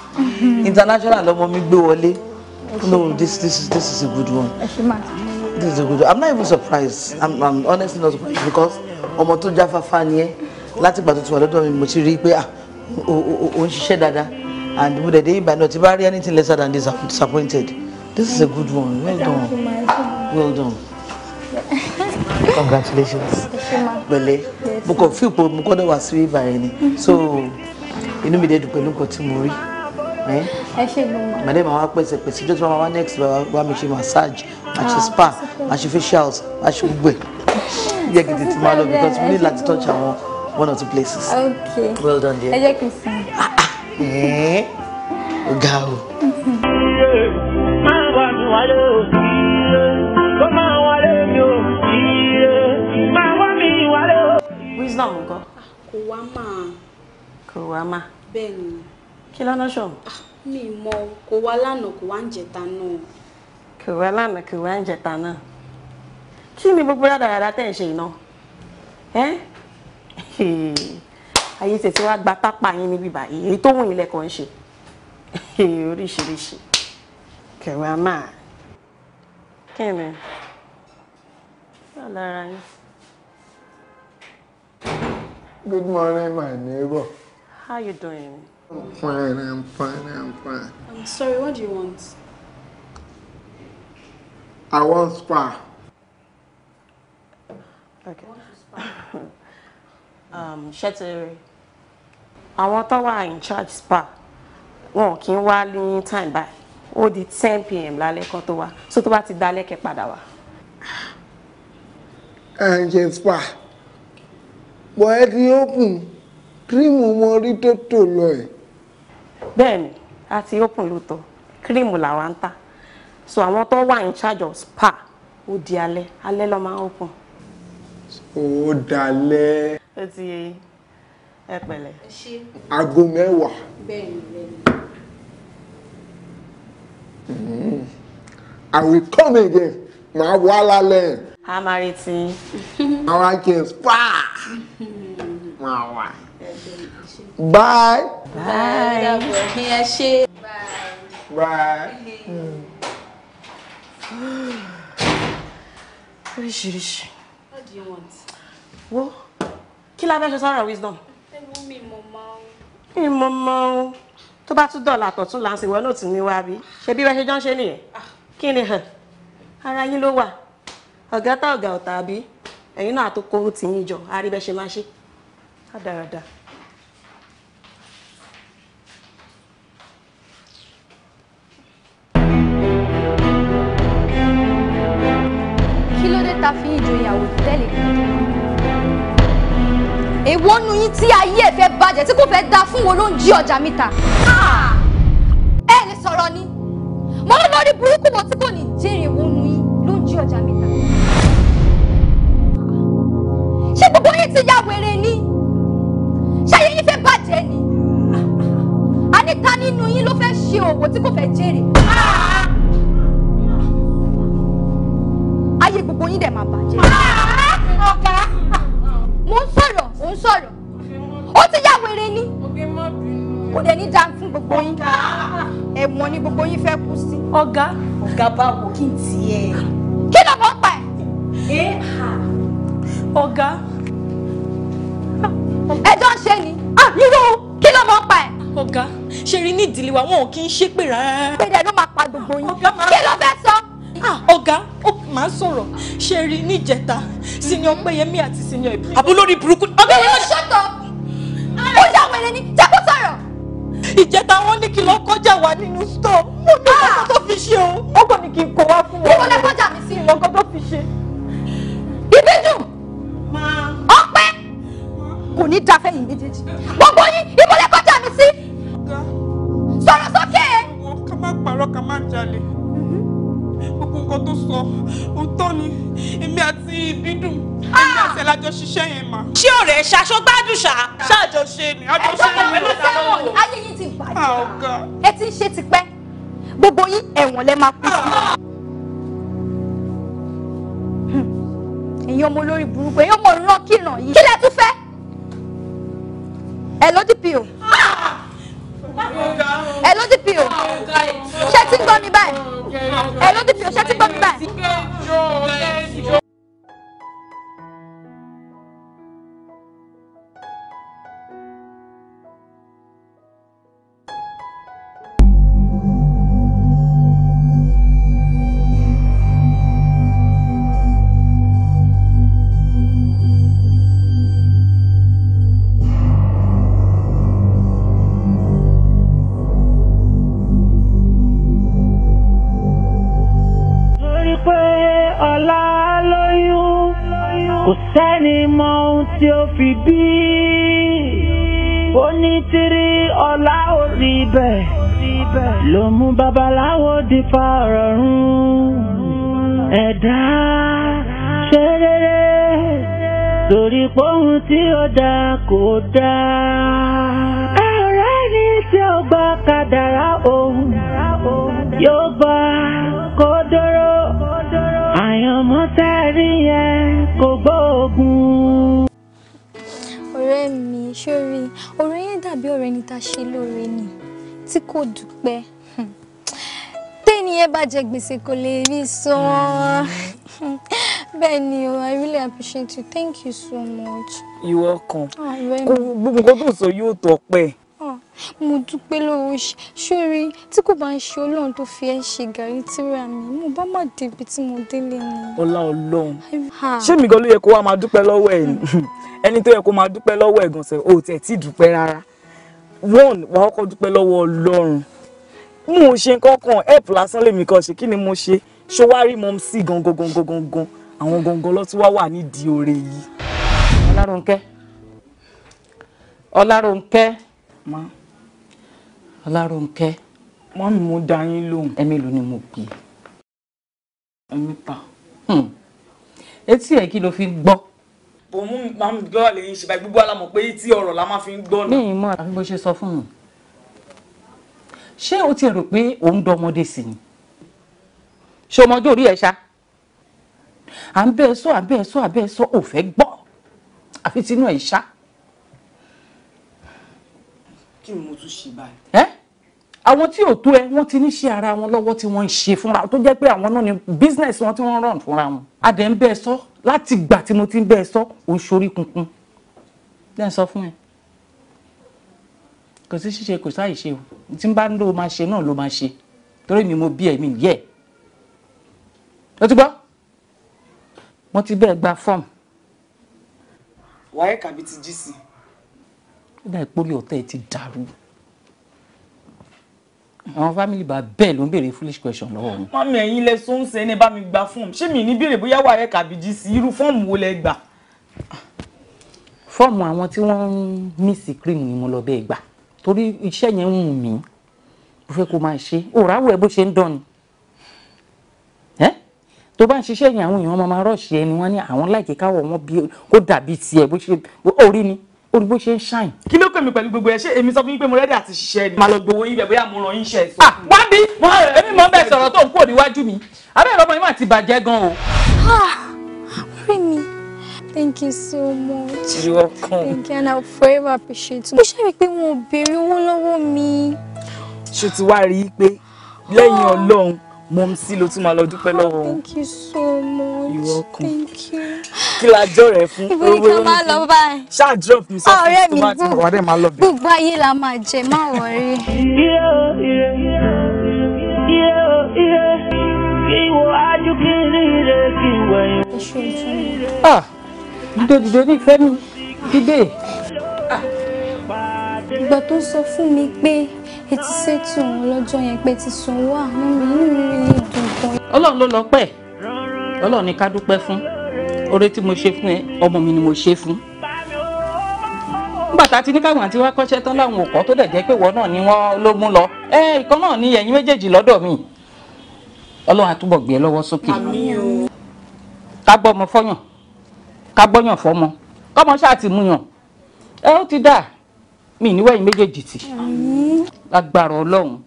international lọmọ mi gbé wọlé no this this this is a good one this is a good job i'm not even surprised i'm i'm honestly not surprised because ọmọ tó jáfáfá ni ẹ láti ìgbà tó ti wà lọ́dọ̀ mi mo ti rí i pé ah o ń ṣiṣẹ́ dáadáa and mo dẹ̀dẹ̀ ìgbà náà ti bá rí anything lesser than this disappointed this is a good one well done well done congratulations pẹ̀lẹ́ mo kàn fi ipò mo kọ́dọ̀ wá sí ibà yẹn ni so inú mi dẹ̀ dùn pẹ̀lú nǹkan tí mo rí eh? ẹ ṣe gbọmọ màdé màá wá pèsè pèsè jọ́sọ̀ máa wá next bá mi ṣe massage máa spa máa facials máa gbogbo ẹ̀ yẹ gidi tí máa lọ because we need láti touch àwọn one or two places. okay well done dear. ẹ jẹ́ kí n sìn. Ah, ah. eh? ọ̀gá o. wisdom nǹkan. Ah, kò wá máa. kò wá máa. bẹ́ẹ̀ ni. kí lọ́nà ṣọ̀. mi mọ kò wá lánàá kò wá ń jẹta náà kò wá lánàá kò wá ń jẹta náà kí ni gbogbo rádaràdà tẹ̀ ń ṣe iná ẹ́ <laughs> ayé tètè wá gba tápà yín níbí báyìí èyí tó wùn ilẹ̀ kan ń ṣe <laughs> oríṣiríṣi kẹwàá máa kí ni wà lára yín. Good morning, my neighbor. How you doing? I'm fine, I'm fine, I'm fine. I'm sorry, what do you want? I want spa. Okay. um, Shetiri, àwọn tó wà in charge spa wọn kì í wá ní time by? ó di ten pm lálẹ́ kan tó wá so tó bá ti dalẹ́ kẹ́ padà wá. ẹ̀ǹjẹ̀ spa bọ̀ ẹ ti open Cream mo rí tó tò lọ ẹ̀. bẹ́ẹ̀ni a ti open lóòótọ́ cream làwa ń tà so àwọn tó wà in charge of spa ó di alẹ́ alẹ́ ló máa ń open. ó dalẹ́. ó ti yẹ yín ẹ pẹ̀lẹ́. aago mẹ́wàá. bẹ́ẹ̀ni bẹ́ẹ̀ni. Hmm. I will come again màá wá lálẹ́. a máa retí. àwọn akẹ́ <laughs> spa <laughs> máa wà. Bye. Bye. Bye. Bye. Bye. Bye. Bye. Bye oríṣiríṣi. what do you want? wo kí la fẹ́ ṣe sọ̀rọ̀ wisdom. Hey, mú mi mọ̀ máa ń. ìmọ̀ máa to tó bá tún dọ̀là àtọ̀tún là ń sìn she náà tún ní wá bí ṣe bí wọ́n ṣe jọ ń ṣe nìyẹn ah. kí ni hàn ara yín ló wà ọ̀gá tá ọ̀gá ọ̀tà bí ẹ̀yin náà tó be tìyín jọ àríbẹ̀ṣe máa ṣe á dáradára. ká fi ń joyè àwọn òtítẹ́lẹ̀ kan. èwo nu yín tí ayé ẹ̀ fẹ́ bàjẹ́ tí kò fẹ́ da fún wo ló ń jí ọjà mi ta. ẹ lè sọ̀rọ̀ ni mo lọ́ọ́ rí burúkú mọ́ tí kò ìjẹta senior péyẹmí àti senior ìbí. àbúlórí burúkú. tí ó fi bí onítìrí ọlá ò rí bẹ́ẹ̀ ló mú babaláwo di farọrùn ẹ̀dá ṣe rere torí pohùn tí ó dá kò dá. ọ̀rẹ́ ni tí ó gbà kádàrá. lóore ni tá ṣe lóore ni tí kò dúpẹ́ hmm. tẹ́ni bá jẹ gbèsè kò lè rí san <laughs> bẹ́ẹ̀ ni o I really appreciate you thank you so much. You welcome. Ah, gbogbo nǹkan tó sọ yóò tọ́ pẹ́ ah, mo dúpẹ́ lọ́wọ́ ṣórí tí kò bá ń ṣe ọlọ́run tó fi ẹ́ ṣe gàrí tíra mi mo bá má débi tí mo délé ni. ọlá ọlọ́run ṣé mi gan ló yẹ kó wá máa dúpẹ́ lọ́wọ́ ẹ̀ <laughs> ẹni tó yẹ kó máa dúpẹ́ lọ́wọ́ ẹ̀ o tẹ̀ tí dúpẹ́ rárá one wà á kọ́ dúpẹ́ lọ́wọ́ ọlọ́run mo ṣe nǹkan kan help lásán lèmi kan ṣe kí ni mo ṣe ṣọwárí mọ́ sí gangan gangan gangan àwọn gangan lọ́tún wá wà nídìí oore yìí. ọlárónkẹ́ ọlárónkẹ́ ma ọlárónkẹ́. wọ́n mi mo dá yín lóhùn. ẹ̀mí ni mo pè é. ẹ̀mí pa. Hmm. etí ẹ̀ kí lo fi ń òun mú máa ń gbọ́ àlè yín ṣe báyìí gbogbo alamọ̀ pé tí ọ̀rọ̀ la máa fi ń gbọ́ náà. bẹ́ẹ̀ mọ́ àbí bó ṣe sọ fún un ṣé o ti rò pé òun dọmọdé sí ni ṣé ọmọdé orí ẹ ṣá à ń bẹ́ẹ̀ sọ à ń bẹ́ẹ̀ sọ à ń bẹ́ẹ̀ sọ ò fẹ́ gbọ́ àfi tinú ẹ̀ ṣá. kí ni mo tún ṣe báyìí. ẹ àwọn tí ò tó ẹ wọ́n ti ní ṣe ara wọn lọ́wọ́ tí wọ́n ń ṣe fúnra tó jẹ́ pé àwọn náà ni business wọn tí wọ́n ràn fúnra wọn a dẹ̀ ń bẹ́ẹ̀ sọ. So láti gbà tí mo ti ń bẹ́ẹ̀ sọ òun ṣorí kunkun lẹ́yìn sọ fún ẹ kò sí ṣíṣe kò sáà ìṣe o tí n bá ń lò máa ṣe náà ló máa ṣe torí mi mo bí ẹ mi yẹ ló ti gbọ́ mo ti bẹ́ẹ̀ gba fọ́ọ̀mù. wàá ẹ̀ka bíi ti jí sí. ó dà ìpórí ọ̀tá ẹ ti dàrú àwọn family bá bẹ́ẹ̀ ló ń béèrè foolish question lọ́wọ́ mi. mọ́mí ẹ̀yin lẹ sọ ń sẹ́ ẹni bá mi gba fọ́ọ̀mù ṣé mi ní béèrè bóyá wà ẹ̀ kàbíjì sí irú fọ́ọ̀mù wo lẹ gbà. fọ́ọ̀mù àwọn tí wọ́n ń mísì cream ni mo lọ bẹ́ẹ̀ gbà torí iṣẹ́ yẹn ń wù mí mo fẹ́ kó máa ṣe òràwọ̀ ẹ bó ṣe ń dán ni tó bá ń ṣiṣẹ́ yẹn àwọn èèyàn máa máa rọ̀ṣì ẹni wọ́n ní àwọn láìkíkáwọ̀ wọn bí kó dàbí tiẹ̀ bó ṣe orí olùgbò ṣe ń ṣàìn. kí ló pè mí pẹ̀lú gbogbo ẹ̀ ṣé èmi sọ fún yín pé mo rẹ́dí àti ṣiṣẹ́ ni. màá lọ gbowó yín bẹ̀ bóyá mo ràn yín ṣe ẹ̀sọ́. Ah, wá bí mo èmi mọ̀ bẹ́ẹ̀ sọ̀rọ̀ tó ń kúrò níwájú mi abẹ́rẹ́ ọmọ yín mà ti bàjẹ́ gan o. orí ah, mi thank you so much. you are welcome. thank you and i will forever appreciate you. mo ṣe rí i pé wọn ò béèrè owó lọ́wọ́ mi. ṣé ti wá rí i pé lẹ́yìn ah. ọlọ́run mo ń sí lo tún máa lọ dúpẹ́ lọ́wọ́. thank you so much. you are welcome. thank you kí la jọ rẹ fún owó orí kan máa lọ báyìí ṣáà drop mi sọ fún tomati ọ̀rẹ́ máa lọ bẹ. gbogbo ayé la máa jẹ má wọrí. ah dídé dídé ní ìfẹ́ mi dídé. ìgbà tó sọ fún mi pé etí ṣètò òun lọ́jọ́ yẹn pé ti sanwó àwọn mi inú rí dùn ọlọ́run ló lọ pẹ́ ọlọ́run ni ká dúpẹ́ fún oore tí mo ṣe fún ẹ ọmọ mi ni mo ṣe fún nígbà tá a ti ní káwọn àti wá kọ́ṣẹ́ tán láwọn òkọ́ tó dẹ̀ jẹ́ pé wọ́n náà ni wọ́n ló mú lọ ẹ ìkan náà ni ẹ̀yin méjèèjì lọ́dọ̀ mi ọlọ́run àtúbọ̀ gbé ẹ lọ́wọ́ sókè ká gbọ́ ọmọ fọ́yàn ká gbọ́yàn fọ́mọ kọ́mọ ṣáà ti mú yàn ẹ ó ti dà mí níwọ̀ ẹ̀yin méjèèjì tì lágbára ọlọ́run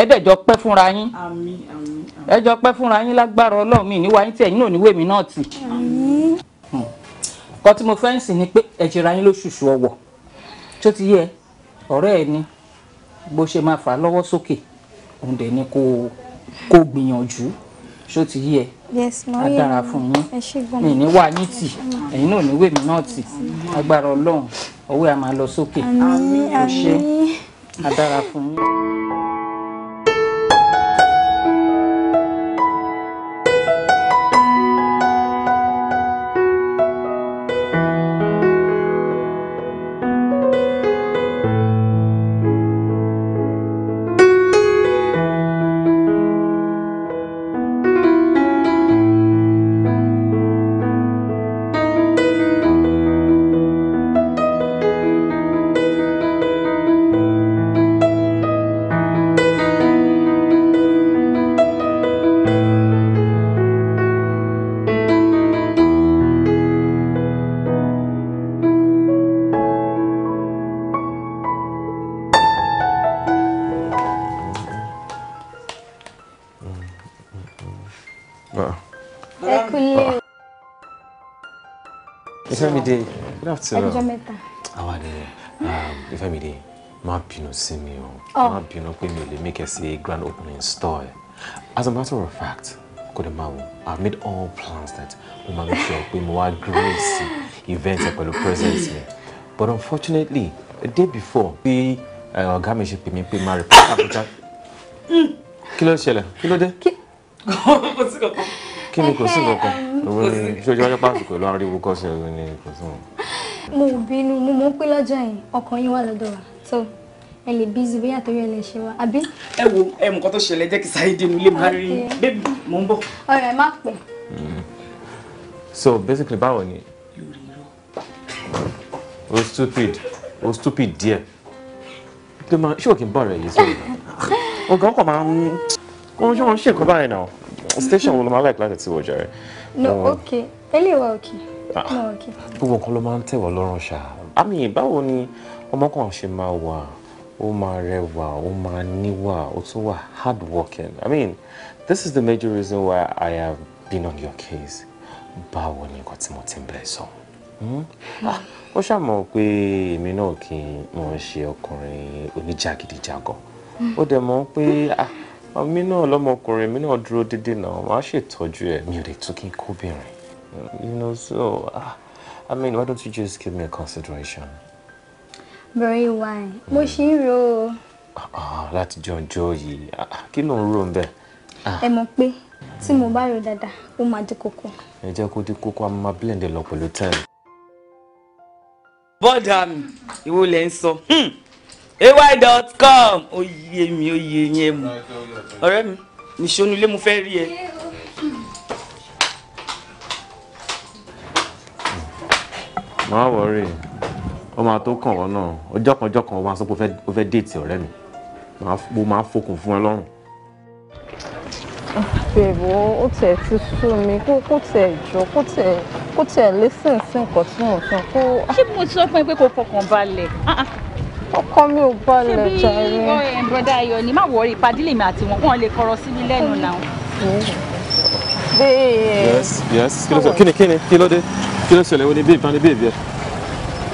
ẹ̀ẹ́dẹ̀jọ pẹ́ fúnra yín ẹ̀ẹ́dẹ̀jọ pẹ́ fúnra yín lágbára ọlọ́run mi níwá yín tí ẹ̀yin náà níwèé mi náà tì hmm. kọ́ tí mo fẹ́ ń sìn ni pé ẹ̀jẹ̀ ra yín lóṣooṣù ọ̀wọ̀ tó ti yẹ ọ̀rẹ́ ẹ̀ ni bó ṣe máa fà á lọ́wọ́ sókè òun dẹ̀ ni kò kò gbìyànjú ṣó ti yẹ agbára fún yín mi ní wà yín tì ẹ̀yin náà níwèé mi náà tì agbára ọlọ́run ọwọ́ ẹ̀ máa lọ sókè ó ṣe agbára fún yín. after all àwa ni Ifẹ́mídé um, má bínú sí mi o má bínú pé mi ò lè make it grand opening store as a matter of fact kò dé máa I've made all plans that we máa make sure pé mo wá grace event ẹ pẹ̀lú presence mi but unfortunately the day before bí ọ̀gá mi ṣe pè mí pé máa report Abuja kí ló ṣẹlẹ̀ kí ló dé. kò sí kankan. kí ni kò sí kankan ṣojú ọjọ́ pàṣẹ pẹ̀lú ariwo kọ́sẹ̀ ló ní kò sí kankan mo bínú mo mọ̀ pé lọ́jọ́ yẹn ọkàn yín wà lọ́dọ̀ wa tó ẹ lè bízi bóyá torí ẹ lè ṣe wa àbí. ẹ wo ẹ mọ nǹkan tó ṣẹlẹ̀ jẹ́ kí sáyé dénú ilé máa rí bébì mò ń bọ̀. ọ̀rẹ́ má pẹ́. so basically báwo ni o stupid o stupid díẹ̀ tó máa ṣé òkè ń bọ̀ rẹ̀ yìí sọ́yìn <laughs> ọ̀gá ọkọ̀ máa ń wọ́n ṣe wọ́n ṣe nǹkan báyìí náà station wo ló máa láìpẹ́ láti ti wọ̀ jẹ́rẹ̀. no uh, ok eléwà òkè. Okay gbogbo nǹkan ń tẹ̀wọ̀ lọ́rùn ṣá àmì báwo ni ọmọkùnrin ṣe máa wà ó máa rẹwà ó máa níwà ó tún wà hard working i mean this is the major reason why i have been on your case báwo ni nǹkan tí mo ti ń bẹ̀ sọ hmm? ah, ó ṣàmọ̀ pé èmi náà kì í mọ̀ ṣe ọkùnrin oníjàgídíjàgan ó dẹ̀ mọ̀ pé ah mi náà lọ́mọkùnrin mi náà dúró dédé náà wọ́n á ṣètọ́jú ẹ̀ mi ò lè tún kí n kóbìnrin You know, so uh, I mean, why don't you just give me a consideration? Very why? Mo hmm. Ah, ń ah, John Láti jọ ọjọ́ yìí, ah, kí ló ń ro ń bẹ̀? Ẹ mọ̀ pé tí mo bá ro dáadáa, ó máa a máa blend ẹ lọ pẹ̀lú time. Bọ́dà mi, ìwo lẹ ń sọ. ay.com ó yé mi, ó yé yín ẹ mọ̀. Ọ̀rẹ́ mi, nìṣó nílé mo fẹ́ rí ẹ. má wọrí ó máa tó kàn wọ́n náà ọjọ́ kan ọjọ́ kan ó máa sọ pé ó fẹ́ déètì ọ̀rẹ́ mi mo máa fokùn fún ẹ lọ́rùn. bèbò ó tẹ̀ ti sú mi kó tẹ̀ jọ kó tẹ̀ kó tẹ̀ lẹ́sìn sí nǹkan tí mo sọ kó. ṣé mo ti sọ fún ẹ pé kò fọkàn balẹ̀ ah, ah. ọkọ mi ò balẹ̀ jàre. ṣé bí bọ́dà ayọ̀ ni má wọrí ìpàdé lèmi àti wọn wọn lè kọ̀rọ̀ sí mi lẹ́nu náà babe. yes yes kí ló ṣẹlẹ̀ kí Kilo kí ni kí ló dé kí ló ṣẹlẹ̀ wo ni babe ta ni babe yẹ.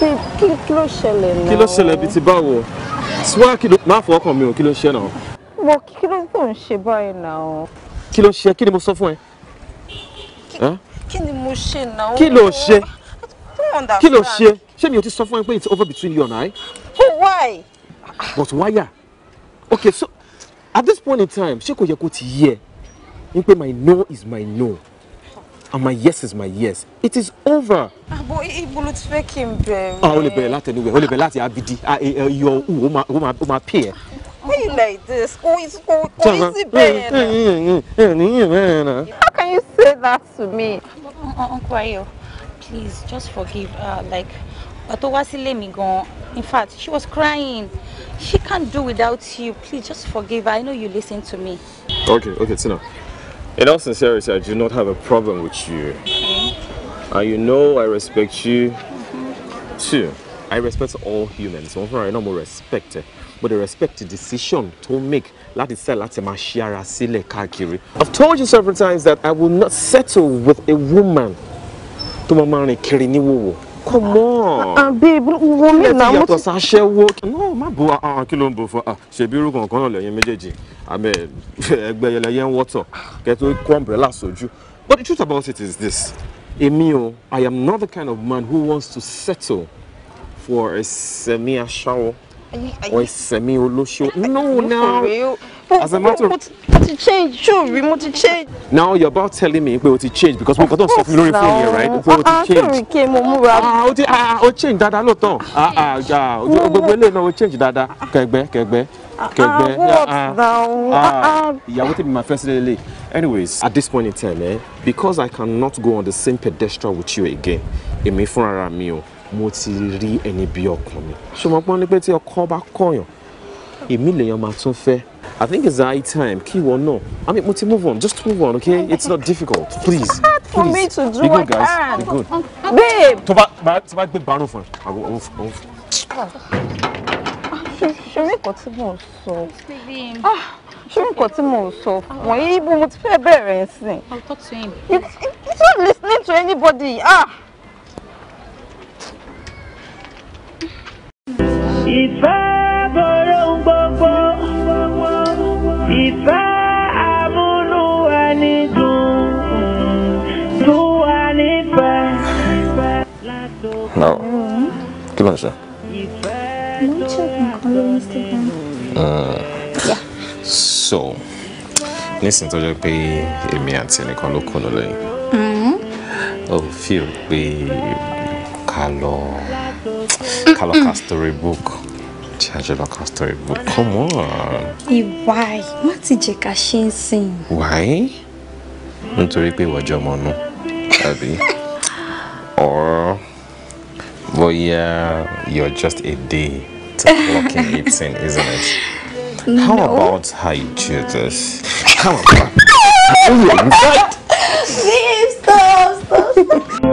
babe kí ló ṣẹlẹ̀ náà. kí ló ṣẹlẹ̀ swa kí ló má fọ ọkàn mi o kí ló ṣe mo kilo ló tó ń ṣe báyìí náà. kí ló ṣe kí ni mo sọ fún ẹ. kí ni mo ṣe náà. kí ló ṣe kí ló ṣe mi ò ti sọ fún ẹ pé it's over between you and I. but why. but why ya okay so at this point in time ṣé ko yẹ kó ti ye. ẹ wípé my no is my no and my yes is my yes it is over. àbò ibo ló ti fẹ́ kí n bẹ̀rẹ̀. ah o lè bẹ̀rẹ̀ láti ẹnu wẹ̀ o lè bẹ̀rẹ̀ láti abidi yọ u o ma pay ẹ. why you like this kò kò kò easy bẹ́ẹ̀ na. how can you say that to me. uncle ayo please just forgive her like pàtó wá sílé mi gan in fact she was crying she can't do without you please just forgive her i know you listen to me. okay okay Tina. In all sincerity, I do not have a problem with you. Okay. And you know I respect you mm -hmm. too. I respect all humans. Wọ́n fúnra rẹ̀ náà respect But the respect the decision to make láti sẹ́ láti máa ṣí ara sílẹ̀ káàkiri. I've told you several times that I will not settle with a woman tó máa máa rìn kiri níwòwò. Come on. Uh, babe, wo mi náà. Ilé ti yàtọ̀ sáṣẹ́wó. No, má bo ah, kí ló ń bo fún ṣèbí irú kankan náà lẹ́yìn méjèèjì àmì <laughs> ẹgbẹ́ yẹlẹyẹ ń wọ́tọ̀ kẹ́ tó kó umbrella sójú but the truth about it is this èmi o I am not the kind of man who wants to settle for a semi aṣawo or a semi olóṣó no now as a matter of to change sori we must change. now you're about telling me pé o ti change because mo kàn tó sọ fún mi lórí fóònù yẹn right pé o ti ah, ah, change. sori ke mo múra. ah o ti ah o ah, change dáadáa lóòótọ́ ah ah gbogbo eléyìí náà o change dáadáa kẹgbẹ́ kẹgbẹ́ kẹgbẹ́ ah, ah, ah. ìyàwó tèmi máa fẹ́ sílẹ̀ lélẹ̀ anyways at this point in time eh, because I cannot go on the same pedestrian with you again èmi fúnra mi o mo ti rí ẹni bí ọkàn mi ṣùgbọ́n pọ́n ní pé tí ọkọ bá kọ̀yàn èmi lèèyàn máa tún fẹ́ I think it's high time kí ìwọ náà I mean mo ti move on just move on okay it's not difficult please for me to do what I can. Be good guys be good. babe. tó bá gbé barun fún ẹ àwọn fún ẹ ṣorí nǹkan tí mò ń sọ ah, ṣorí nǹkan tí mò ń sọ wọ́n yí ibo mo ti fẹ́ bẹ̀rẹ̀ ẹ̀ sìn. You, he's not listening to anybody. Ah. ìfẹ́ borí gbogbo ìfẹ́ àbúrú ẹni dùn dùn wá nífẹ̀ẹ́. náà kí ló ń ṣe. mo ń ṣe Uh, so nísìnyí tó jẹ́ pé èmi àti ẹnìkan ló kùnú lẹ́yìn mm-hmm. ó fi hàn pé ká lọ ká lọ ka story book ṣáájú lọ ka story book come on. ìwà ẹ̀ wọ́n ti jẹ́ ká ṣe ń sìn. wáyé nítorí pé ìwọ́jọ́ ọmọ nù tàbí <laughs> or bóyá you're just a day. it's a blocking Ibsen, isn't it? No. How about how you do this? How about... Please stop, stop, stop.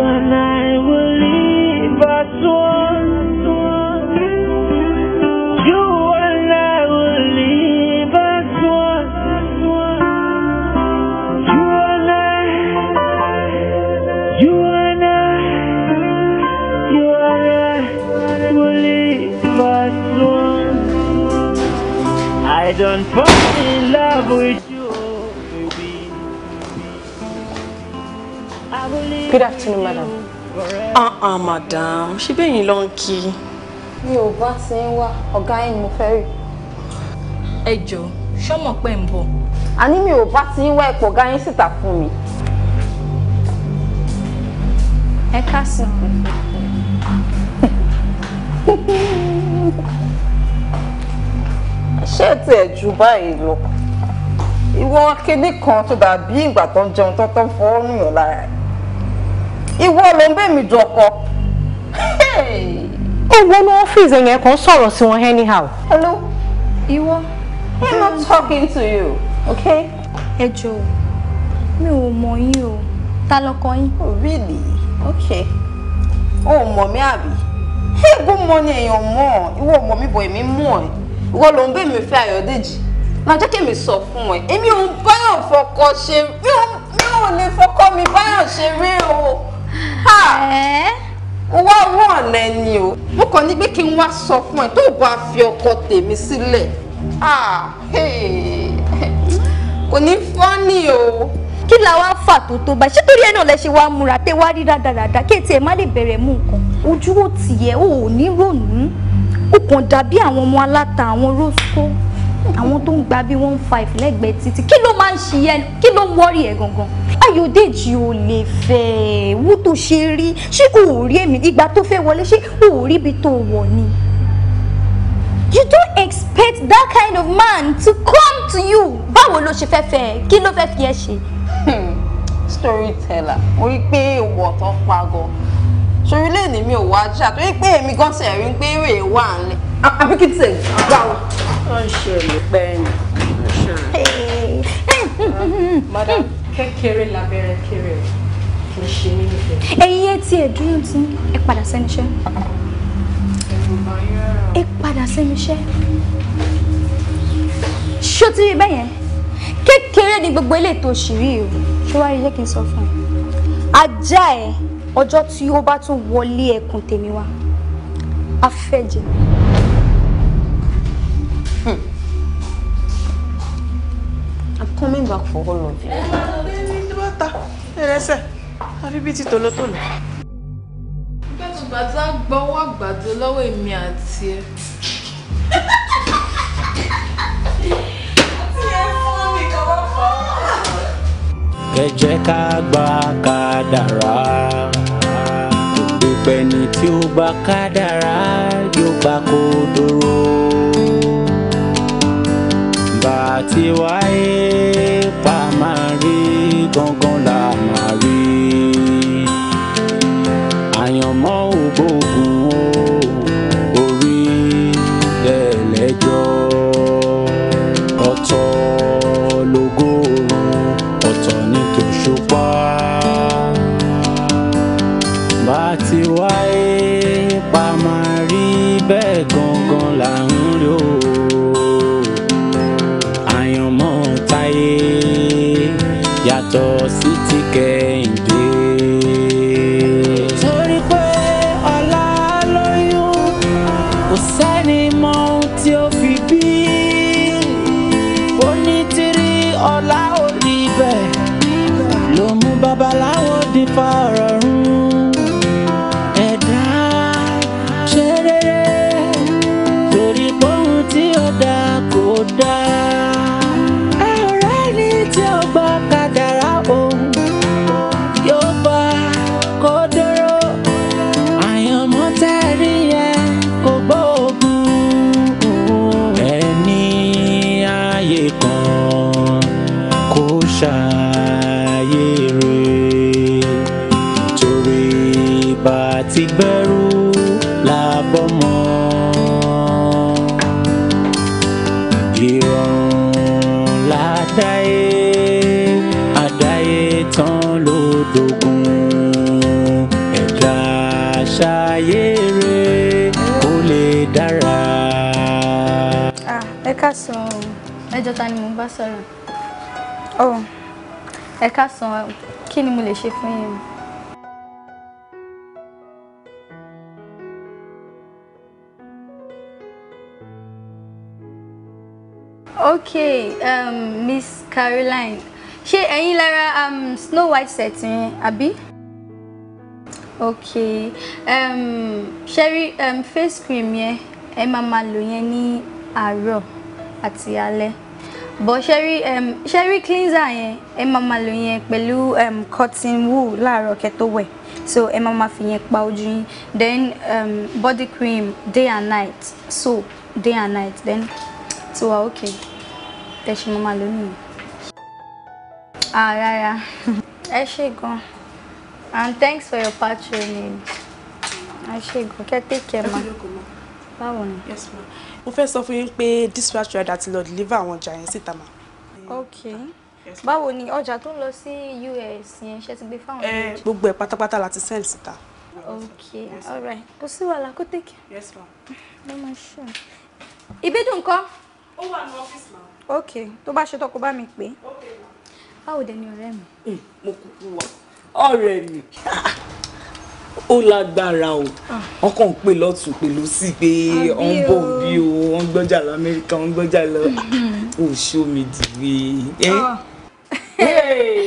done fall in love with you, Good afternoon, madam. Ah, ah, madam. She bẹ́yìn in ń kí. Mi ò bá ti ń wá, ọ̀gá yín mo fẹ́ rí. Ẹ jọ̀ọ́, ṣọ́mọ̀ pé ń bọ̀. Àní mi ò bá ti ń wá ẹ̀pọ̀ ọ̀gá yín síta fún mi. Ẹ káàsán. díẹ̀ tiẹ̀ ju báyìí lọ ìwọ akéde kan tó dàbí ìgbà tó ń jẹun tọ́tọ́ fọ́ nìyàn lára ìwọ ló ń bẹ̀ mí dọkọ. ó wọnú ọ́fíìsì yẹn kan sọ̀rọ̀ sí wọn anyhow. hello ìwọ i'm not talking to you okay. ẹ jọ̀ọ́ mi ò mọ̀ yín o ta lọkọ yín. oh really okay o ò mọ̀ mí àbí. ẹ gbọ́n mọ ni èèyàn mọ̀ ìwọ ò mọ̀ mí èmi mọ̀ ẹ́ wọ́n ló ń bẹ̀ mí fẹ́ Ayọ̀dèjì máa jẹ́ kí mi sọ fún ẹ èmi ò ń báyọ̀ fọkọ ṣe mi ò lè fọkọ mi báyọ̀ ṣe rí o wá wọ̀ lẹ́ni o mo kàn ní pé kí n wá sọ fún ẹ tó bá fi ọkọ tèmi sílẹ̀ kò ní fọ́nì o kí la wá fà tó tó báyìí ṣé torí ẹ náà lẹ ṣe wá múra tẹ wá rí dáadáa kí ètò ẹ má lè bẹ̀rẹ̀ mú nǹkan ojú ò tì ẹ ò ní rònú ó kàn dàbí àwọn ọmọ aláta àwọn rosco àwọn tó ń gba bí one five lẹ́gbẹ̀ẹ́ títí kí ló máa ń ṣiyẹ kí ló ń wọ́rì ẹ̀ gangan ayọ̀dèjì ò lè fẹ́ wú tó ṣe rí ṣé o rí èmi ìgbà tó fẹ́ wọlé ṣé o rí ibi tó wọ̀ ni. you don't expect that kind of man to come to you báwo ló ṣe fẹ́ fẹ́ kí ló fẹ́ fi ẹ ṣe. Hmm. storyteller mo rí i pé ìwọ̀ tó pa gan-an ṣorí lè ní mi ò wá jà torí pé èmi gan ti ẹ̀rí pé èrè wà nílẹ̀. àbí kí tẹ̀ gbà wá. ó ń ṣe èlò pẹ́ẹ́nì. Ah, madam kékeré labẹ́rẹ́ kéré o kì í ṣe nínú ìfẹ́. ẹyin etí ẹ dúró tí ẹ padà sẹ́nu iṣẹ́. ẹ padà sẹ́nu iṣẹ́. ṣó ti rí bẹ́yẹn kékeré ni gbogbo eléyìí tó ṣì rí o ṣé wàá rí jẹ́ kí n sọ fún ẹ ajá ẹ ọjọ́ tí ó bá tún wọlé ẹkùn tèmi wá afẹ́jẹ. Hmm. I'm coming back for all of you. Ẹni bá ta ẹrẹsẹ̀, àfi bíi Bẹ́ẹ̀ni gbàdúrà gbọ́wọ́ àgbàdo lọ́wọ́ èmi àti ẹ. ẹ jẹ́ ká gba kádàrá gbogbo ẹni tí ó gba kádàrá yóò gbà kó dúró bá wáyé pa máa. ìbẹ̀rù làbọ̀mọ́. ìrọ̀rùn làdáyé àdáyé tán ló dogun ẹ̀dá ṣayé rẹ̀ kó lè ta ni mo bá sọ̀rọ̀ ẹ káàsán kí ni mo lè ṣe fún yín. okay um, miss caroline ṣé ẹ̀yin lára um, snow white set yẹn àbí okay um, sherry um, face cream yẹn ẹ máa máa lò yẹn ní àárọ̀ àti alẹ́ but sherry um, sherry cleanser yẹn ẹ máa máa lò yẹn pẹ̀lú um, cotton wool láàárọ̀ kẹ́ tó so ẹ máa máa fi yẹn pa ojú yín then um, body cream day and night soap day and night then so ah, okay tẹ̀sí mo máa lò nìyí. Ah, ẹ ṣé gan and thanks for your patronage ẹ ṣé gan kẹ́ take care ma báwo ni. mo fẹ́ sọ fún yín pé dispatch rider ti lọ deliver àwọn ọjà yẹn síta ma. ok báwo ni ọjà tó ń lọ sí US yẹn ṣe ti gbé fáwọn eh, méjì. gbogbo ẹ̀ pátápátá la ti send síta. ok all right kò sí wàhálà kó take care. yes ma. ló máa ṣe. ìbídùn kọ́. ó wà ní ọ́fíìsì náà ok tó bá ṣe tó kó bá mi pè é báwo dẹ ni ọ̀rẹ́ mi. Hmm, mo kúkú wá Oh, mi ó lágbára o ah. wọn kàn ń pè lọ́tún pè lọ́sì pé ọ̀n bọ̀ bí o wọ́n gbọ́jà lọ amẹ́ríkà wọ́n gbọ́jà lọ ò ṣó mi dìbì.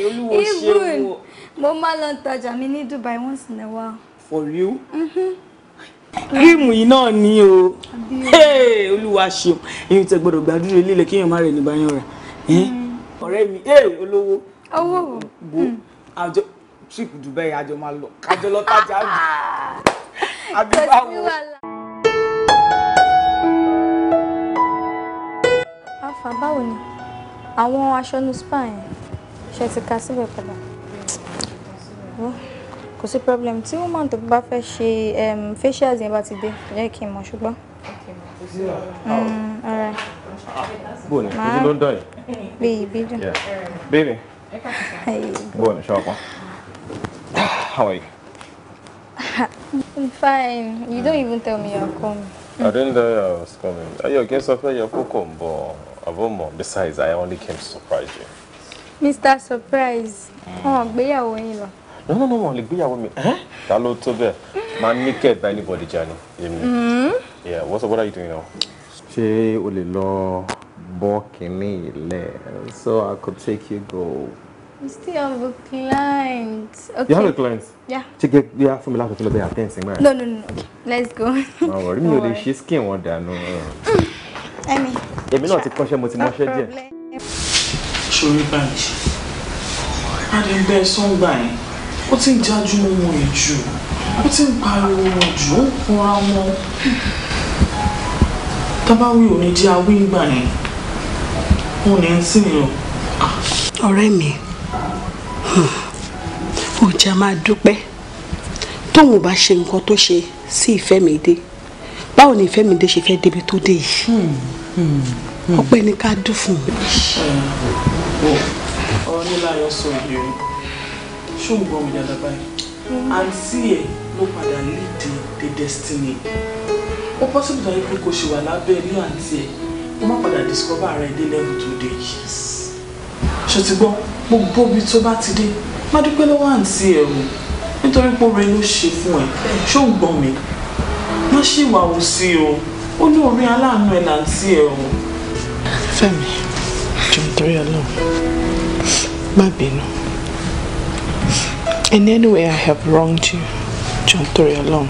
olúwo <laughs> ṣe wo. mo máa lọ tajà mi ní Dubai once in a while. for you. Mm-hmm kírìmù yìí náà ni o olúwa ṣeun èyí tẹ gbọ́dọ̀ gbàdúrà lílẹ kéèyàn má rẹ ní báyọ rà ọ̀rẹ́ mi olówó owó wo hmm. àjọ trip Dubai àjọ máa lọ àjọ lọ tajà ah! àbí báwo. afa báwo ni àwọn aṣọ ní spa yẹn ṣe ti ka síbẹ̀ padà kò sí problem tí woman tó bá fẹ́ ṣe facials yẹn bá ti dé jẹ́ kí n mọ̀ ṣùgbọ́n. Mm, bóni ojú ló ń dán yìí. bíi ìbídùn. bíbí bóni ṣọkan. How are you? I'm fine. You don't even tell me you're coming. I didn't know I was coming. Are you against Sophia? You're welcome, but Avomo. Besides, I only came to surprise you. Mr. Surprise. Mm. Oh, gbéyàwó yín lọ no no no wọn lè gbéyàwó mi ta ló tó bẹ́ẹ̀ máa naked by anybody jani èmi mm-hmm. yeah what's up what are you doing now. ṣé o lè lọ bọ́ kínní ilẹ̀ so I could take you go. You still have a client. Okay. You have a client? Yeah. Check it. Yeah, for me, like, to be attention, man. No, no, no. Let's go. No worry. <laughs> No worry. She's skin one down. No. I mean. Èmi náà ti kọ́ṣẹ́ mo ti mọ́ṣẹ́ díẹ̀. Ṣorí báyìí, a lè bẹ́ẹ̀ sọ́ngbà yẹn ó ti ń jájú wọn ìjù ó ti ń pariwo wọn jù ó ń kunra wọn tábàwí ò ní jẹ́ awí ni wọn ní ń sìn yàn. ọ̀rẹ́ mi ò hmm, máa dúpẹ́ tóun bá ṣe nǹkan tó ṣe sí ìfẹ́ mi dé báwo ni ìfẹ́ mi dé ṣe fẹ́ débi tó dé yìí hmm, hmm, ọpẹ́ ni ká dùn fún un. ọ̀rọ̀ níláyọ̀ sọ yìí ṣóun gan òye àdàbà yìí àǹtí ẹ̀ ló padà lead the destiny ó possible tó yẹ pé kò ṣe wà lábẹ́ ilé àǹtí ẹ̀ ó má padà discover ara ẹ̀ dé level tó dé yìí ṣòtìgbọ́ gbogbo ibi tó bá ti dé má dúpẹ́ lọ́wọ́ àǹtí ẹ̀ o nítorí pé oore ló ṣe fún ẹ ṣóun gbọ́n mi má ṣe wà ó sí o ó ní orí aláàánú ẹ̀ làǹtí ẹ̀ o. Fẹ́mi jọ̀ọ́ torí Ọlọ́run má bínú. In any way I have wronged you, John Tory alone,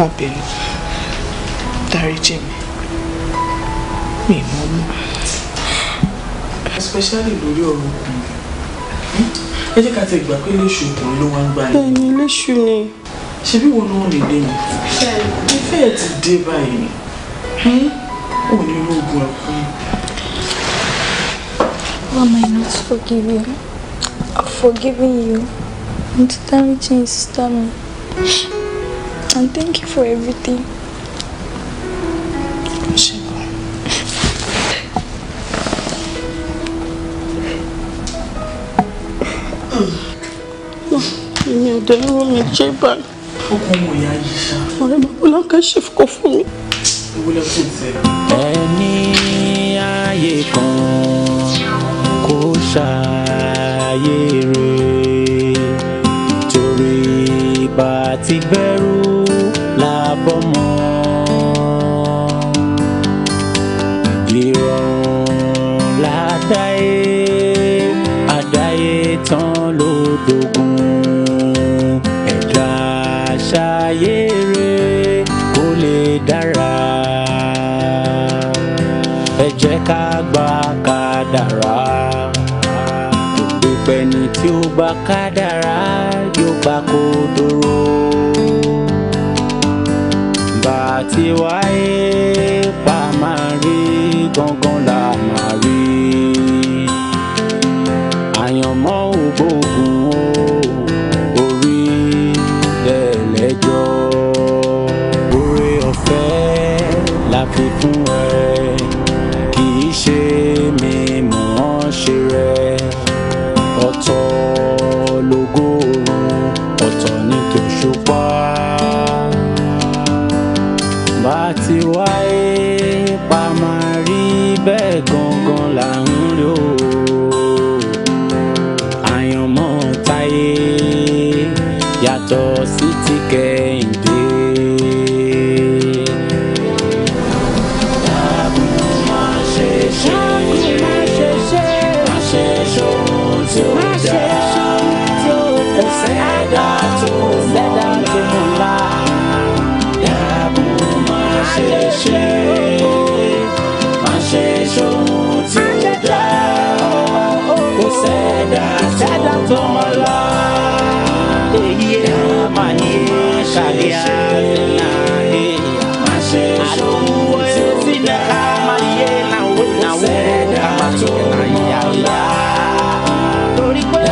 má bínú. Jimmy, me, Mi Especially lórí ọ̀rọ̀ ọkùnrin. Hmm? Ẹ jẹ́ ká ti gbà pé léṣu ọkùnrin ló wá ń gbà yín. Bẹ́ẹ̀ni, léṣu ni. Ṣebí wo náà lè dé mi? Ìfẹ́ ẹ̀ ti dé báyìí. Ò hmm? ní ológun ọkùnrin. Why am I not forgiving? I'm forgiving you and dáríjì sister mi and thank you for everything. èmi ò dẹnu ró mi jẹ́ báyìí. ọkùnrin wò ya yìí ṣá. ọ̀rẹ́ bàbá ọlọ́kà ṣe kọ fún mi. ìwúlẹ̀ kò tẹ̀. ẹni ayé kan kò ṣàyè rẹ̀ bá ti bẹ̀rù làbọ̀ mọ́. ìrọ̀rùn ládàáyé àdáyé tán ló dogun ẹ̀dá ṣayé rẹ̀ kó lè dára ẹ jẹ́ ká gbà kádàrá pé pẹ́ni tí ó bá kádàrá gbàkodoro bàtí wáyé pa. ṣẹ̀dá ṣẹ̀dá tó mọ lọ. èyí ẹ má ní kàdé àná ẹ má ṣe ṣòwò ẹ sí ní ká má yé náwó náwó ká má tó mọ lọ. torí pé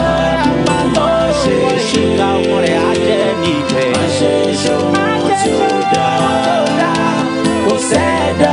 àbá lọ ṣe ṣe káwọn rẹ̀ á jẹ́ níbẹ̀. má ṣe ṣòwò tó dáa kò ṣẹ̀dá.